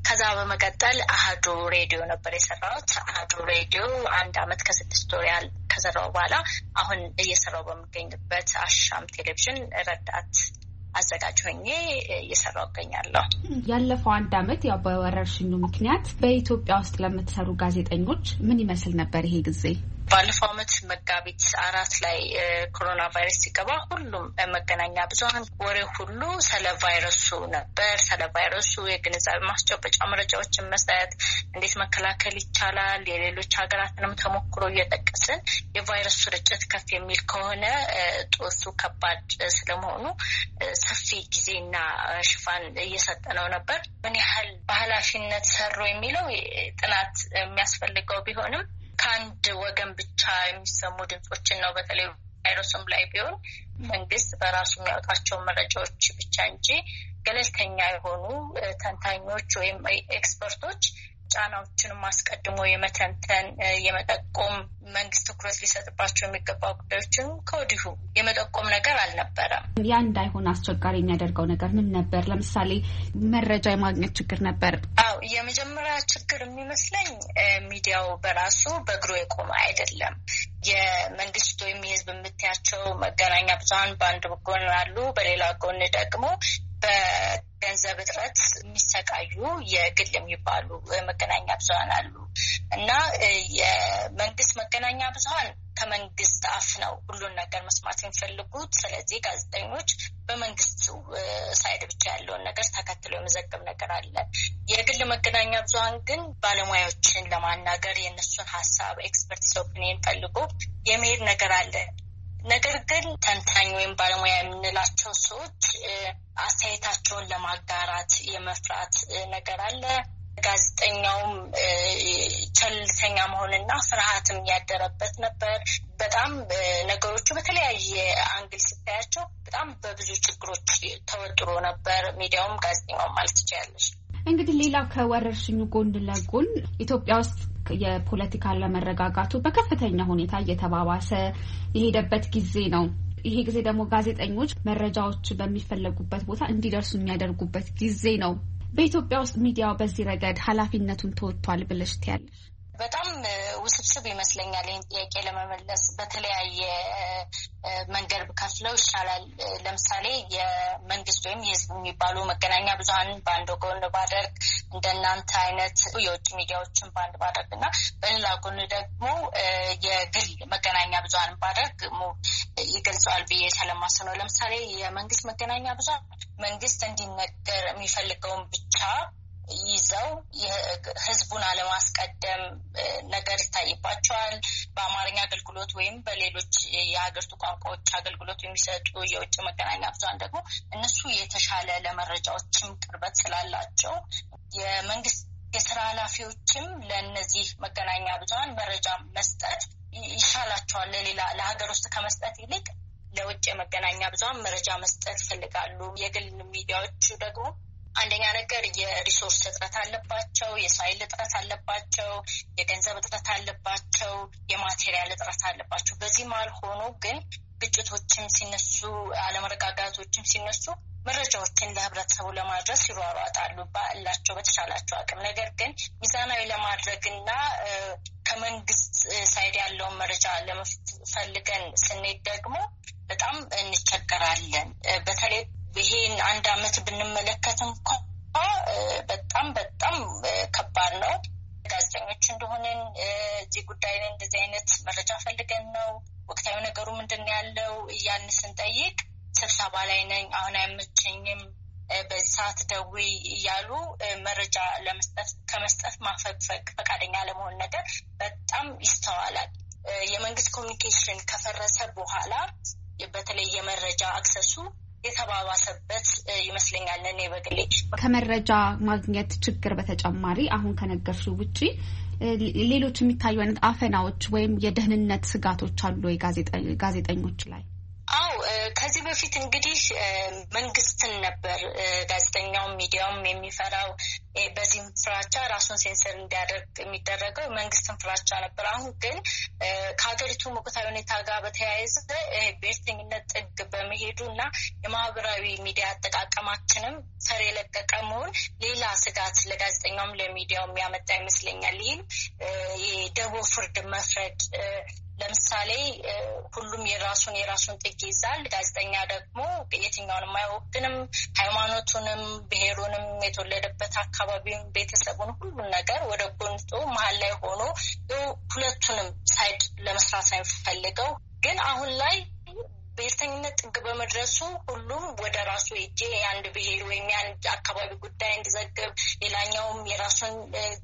ከዛ በመቀጠል አህዶ ሬዲዮ ነበር የሰራሁት። አህዶ ሬዲዮ አንድ አመት ከስድስት ወር ያህል ከሰራው በኋላ አሁን እየሰራው በሚገኝበት አሻም ቴሌቪዥን ረዳት አዘጋጅ ሆኜ እየሰራው እገኛለሁ። ያለፈው አንድ አመት ያው በወረርሽኙ ምክንያት በኢትዮጵያ ውስጥ ለምትሰሩ ጋዜጠኞች ምን ይመስል ነበር ይሄ ጊዜ? ባለፈው ዓመት መጋቢት አራት ላይ ኮሮና ቫይረስ ሲገባ ሁሉም መገናኛ ብዙሀን ወሬ ሁሉ ስለ ቫይረሱ ነበር። ስለ ቫይረሱ የግንዛቤ ማስጨበጫ መረጃዎችን መስጠት፣ እንዴት መከላከል ይቻላል፣ የሌሎች ሀገራትንም ተሞክሮ እየጠቀስን የቫይረሱ ስርጭት ከፍ የሚል ከሆነ ጦሱ ከባድ ስለመሆኑ ሰፊ ጊዜና ሽፋን እየሰጠ ነው ነበር። ምን ያህል በኃላፊነት ሰሩ የሚለው ጥናት የሚያስፈልገው ቢሆንም ከአንድ ወገን ብቻ የሚሰሙ ድምፆችን ነው። በተለይ ቫይረሱም ላይ ቢሆን መንግስት በራሱ የሚያወጣቸው መረጃዎች ብቻ እንጂ ገለልተኛ የሆኑ ተንታኞች ወይም ኤክስፐርቶች ጫናዎችንም አስቀድሞ የመተንተን የመጠቆም መንግስት ትኩረት ሊሰጥባቸው የሚገባ ጉዳዮችን ከወዲሁ የመጠቆም ነገር አልነበረም። ያ እንዳይሆን አስቸጋሪ የሚያደርገው ነገር ምን ነበር? ለምሳሌ መረጃ የማግኘት ችግር ነበር። አዎ የመጀመሪያ ችግር የሚመስለኝ ሚዲያው በራሱ በእግሩ የቆመ አይደለም። የመንግስት ወይም የህዝብ የምታያቸው መገናኛ ብዙሀን በአንድ ጎን አሉ፣ በሌላ ጎን ደግሞ ገንዘብ እጥረት የሚሰቃዩ የግል የሚባሉ መገናኛ ብዙሀን አሉ እና የመንግስት መገናኛ ብዙሀን ከመንግስት አፍ ነው ሁሉን ነገር መስማት የሚፈልጉት። ስለዚህ ጋዜጠኞች በመንግስት ሳይድ ብቻ ያለውን ነገር ተከትሎ የመዘገብ ነገር አለ። የግል መገናኛ ብዙሀን ግን ባለሙያዎችን ለማናገር የእነሱን ሀሳብ ኤክስፐርት ኦፒኒየን ፈልጎ የመሄድ ነገር አለ። ነገር ግን ተንታኝ ወይም ባለሙያ የምንላቸው ሰዎች አስተያየታቸውን ለማጋራት የመፍራት ነገር አለ። ጋዜጠኛውም ቸልተኛ መሆንና ፍርሃትም ያደረበት ነበር። በጣም ነገሮቹ በተለያየ አንግል ስታያቸው በጣም በብዙ ችግሮች ተወጥሮ ነበር። ሚዲያውም ጋዜጠኛውም ማለት ትችላለች። እንግዲህ ሌላው ከወረርሽኙ ጎን ለጎን ኢትዮጵያ ውስጥ የፖለቲካ አለመረጋጋቱ በከፍተኛ ሁኔታ እየተባባሰ የሄደበት ጊዜ ነው። ይሄ ጊዜ ደግሞ ጋዜጠኞች መረጃዎች በሚፈለጉበት ቦታ እንዲደርሱ የሚያደርጉበት ጊዜ ነው። በኢትዮጵያ ውስጥ ሚዲያው በዚህ ረገድ ኃላፊነቱን ተወጥቷል ብለሽ ትያለሽ? በጣም ውስብስብ ይመስለኛል። ይህን ጥያቄ ለመመለስ በተለያየ መንገድ ከፍለው ይሻላል። ለምሳሌ የመንግስት ወይም የህዝብ የሚባሉ መገናኛ ብዙሀን በአንድ ጎን ባደርግ፣ እንደናንተ አይነት የውጭ ሚዲያዎችን በአንድ ባደርግ እና በሌላ ጎን ደግሞ የግል መገናኛ ብዙሀን ባደርግ ይገልጸዋል ብዬ ሰለማስ ነው። ለምሳሌ የመንግስት መገናኛ ብዙሀን መንግስት እንዲነገር የሚፈልገውን ብቻ ይዘው ህዝቡን አለማስቀደም ነገር ይታይባቸዋል። በአማርኛ አገልግሎት ወይም በሌሎች የሀገሪቱ ቋንቋዎች አገልግሎት የሚሰጡ የውጭ መገናኛ ብዙሃን ደግሞ እነሱ የተሻለ ለመረጃዎችም ቅርበት ስላላቸው የመንግስት የስራ ኃላፊዎችም ለእነዚህ መገናኛ ብዙሃን መረጃ መስጠት ይሻላቸዋል። ለሌላ ለሀገር ውስጥ ከመስጠት ይልቅ ለውጭ የመገናኛ ብዙሃን መረጃ መስጠት ይፈልጋሉ። የግል ሚዲያዎቹ ደግሞ አንደኛ ነገር የሪሶርስ እጥረት አለባቸው፣ የሳይል እጥረት አለባቸው፣ የገንዘብ እጥረት አለባቸው፣ የማቴሪያል እጥረት አለባቸው። በዚህ መሀል ሆኖ ግን ግጭቶችም ሲነሱ አለመረጋጋቶችም ሲነሱ መረጃዎችን ለህብረተሰቡ ለማድረስ ይሯሯጣሉ ባላቸው በተቻላቸው አቅም። ነገር ግን ሚዛናዊ እና ከመንግስት ሳይድ ያለውን መረጃ ለመፈልገን ስንሄድ ደግሞ በጣም እንቸገራለን። በተለይ ይሄን አንድ አመት ብንመለከት እንኳ በጣም በጣም ከባድ ነው። ጋዜጠኞች እንደሆንን እዚህ ጉዳይ ላይ እንደዚህ አይነት መረጃ ፈልገን ነው ወቅታዊ ነገሩ ምንድን ያለው እያን ስንጠይቅ ስብሰባ ላይ ነኝ፣ አሁን አይመቸኝም፣ በዚህ ሰዓት ደውይ እያሉ መረጃ ለመስጠት ከመስጠት ማፈግፈግ፣ ፈቃደኛ ለመሆን ነገር በጣም ይስተዋላል። የመንግስት ኮሚኒኬሽን ከፈረሰ በኋላ በተለይ የመረጃ አክሰሱ የተባባሰበት ይመስለኛል። እኔ በግሌ ከመረጃ ማግኘት ችግር በተጨማሪ አሁን ከነገርሽ ውጪ ሌሎች የሚታዩ አይነት አፈናዎች ወይም የደህንነት ስጋቶች አሉ ወይ ጋዜጠኞች ላይ? አው ከዚህ በፊት እንግዲህ መንግስትን ነበር ጋዜጠኛውም ሚዲያውም የሚፈራው። በዚህም ፍራቻ ራሱን ሴንሰር እንዲያደርግ የሚደረገው መንግስትን ፍራቻ ነበር። አሁን ግን ከሀገሪቱ ወቅታዊ ሁኔታ ጋር በተያያዘ ብሔርተኝነት ጥግ በመሄዱ እና የማህበራዊ ሚዲያ አጠቃቀማችንም ሰር የለቀቀ መሆን ሌላ ስጋት ለጋዜጠኛውም ለሚዲያው የሚያመጣ ይመስለኛል። ይህም የደቦ ፍርድ መፍረድ ለምሳሌ ሁሉም የራሱን የራሱን ጥግ ይዛል። ጋዜጠኛ ደግሞ የትኛውንም አይወግንም። ሃይማኖቱንም፣ ብሔሩንም፣ የተወለደበት አካባቢውን፣ ቤተሰቡን፣ ሁሉን ነገር ወደ ጎንጦ መሀል ላይ ሆኖ ሁለቱንም ሳይድ ለመስራት ነው የሚፈልገው ግን አሁን ላይ ብሔርተኝነት ጥግ በመድረሱ ሁሉም ወደ ራሱ እጄ የአንድ ብሔር ወይም የአንድ አካባቢ ጉዳይ እንዲዘግብ ሌላኛውም የራሱን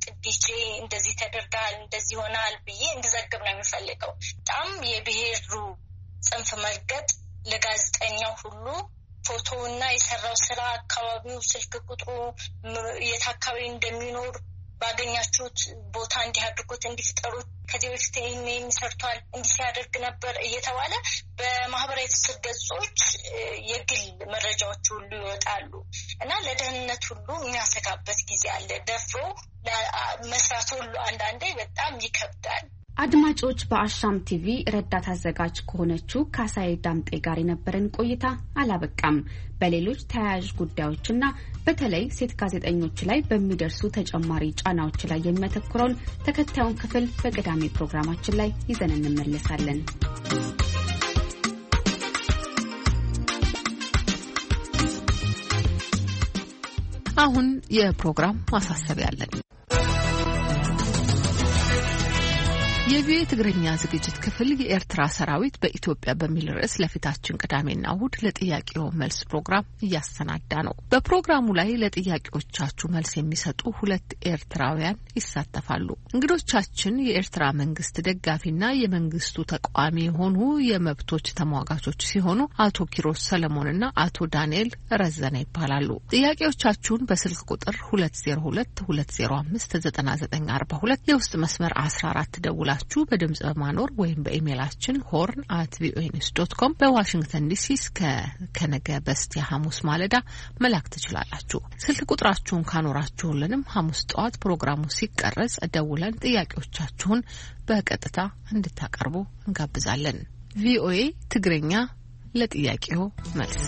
ጥዲቼ እንደዚህ ተደርጋል እንደዚህ ሆናል ብዬ እንዲዘግብ ነው የሚፈልገው። በጣም የብሔሩ ጽንፍ መርገጥ ለጋዜጠኛው ሁሉ ፎቶውና የሰራው ስራ፣ አካባቢው፣ ስልክ ቁጥሩ፣ የት አካባቢ እንደሚኖር ባገኛችሁት ቦታ እንዲህ አድርጎት እንዲፍጠሩት ከዚህ በፊት ይህም ሰርቷል እንዲህ ሲያደርግ ነበር እየተባለ በማህበራዊ ትስስር ገጾች የግል መረጃዎች ሁሉ ይወጣሉ እና ለደህንነት ሁሉ የሚያሰጋበት ጊዜ አለ። ደፍሮ መስራት ሁሉ አንዳንዴ በጣም ይከብዳል። አድማጮች በአሻም ቲቪ ረዳት አዘጋጅ ከሆነችው ካሳይ ዳምጤ ጋር የነበረን ቆይታ አላበቃም። በሌሎች ተያያዥ ጉዳዮችና በተለይ ሴት ጋዜጠኞች ላይ በሚደርሱ ተጨማሪ ጫናዎች ላይ የሚያተኩረውን ተከታዩን ክፍል በቅዳሜ ፕሮግራማችን ላይ ይዘን እንመለሳለን። አሁን የፕሮግራም ማሳሰቢያ አለን። የቪኦኤ ትግረኛ ዝግጅት ክፍል የኤርትራ ሰራዊት በኢትዮጵያ በሚል ርዕስ ለፊታችን ቅዳሜና እሁድ ለጥያቄው መልስ ፕሮግራም እያሰናዳ ነው። በፕሮግራሙ ላይ ለጥያቄዎቻችሁ መልስ የሚሰጡ ሁለት ኤርትራውያን ይሳተፋሉ። እንግዶቻችን የኤርትራ መንግስት ደጋፊና የመንግስቱ ተቃዋሚ የሆኑ የመብቶች ተሟጋቾች ሲሆኑ አቶ ኪሮስ ሰለሞንና አቶ ዳንኤል ረዘነ ይባላሉ። ጥያቄዎቻችሁን በስልክ ቁጥር ሁለት ዜሮ ሁለት ሁለት ዜሮ አምስት ዘጠና ዘጠኝ አርባ ሁለት የውስጥ መስመር አስራ አራት ካላችሁ በድምጽ በማኖር ወይም በኢሜይላችን ሆርን አት ቪኦኤ ኒውስ ዶት ኮም በዋሽንግተን ዲሲ እስከ ከነገ በስቲያ ሐሙስ ማለዳ መላክ ትችላላችሁ። ስልክ ቁጥራችሁን ካኖራችሁልንም ሐሙስ ጠዋት ፕሮግራሙ ሲቀረጽ ደውለን ጥያቄዎቻችሁን በቀጥታ እንድታቀርቡ እንጋብዛለን። ቪኦኤ ትግርኛ ለጥያቄው መልስ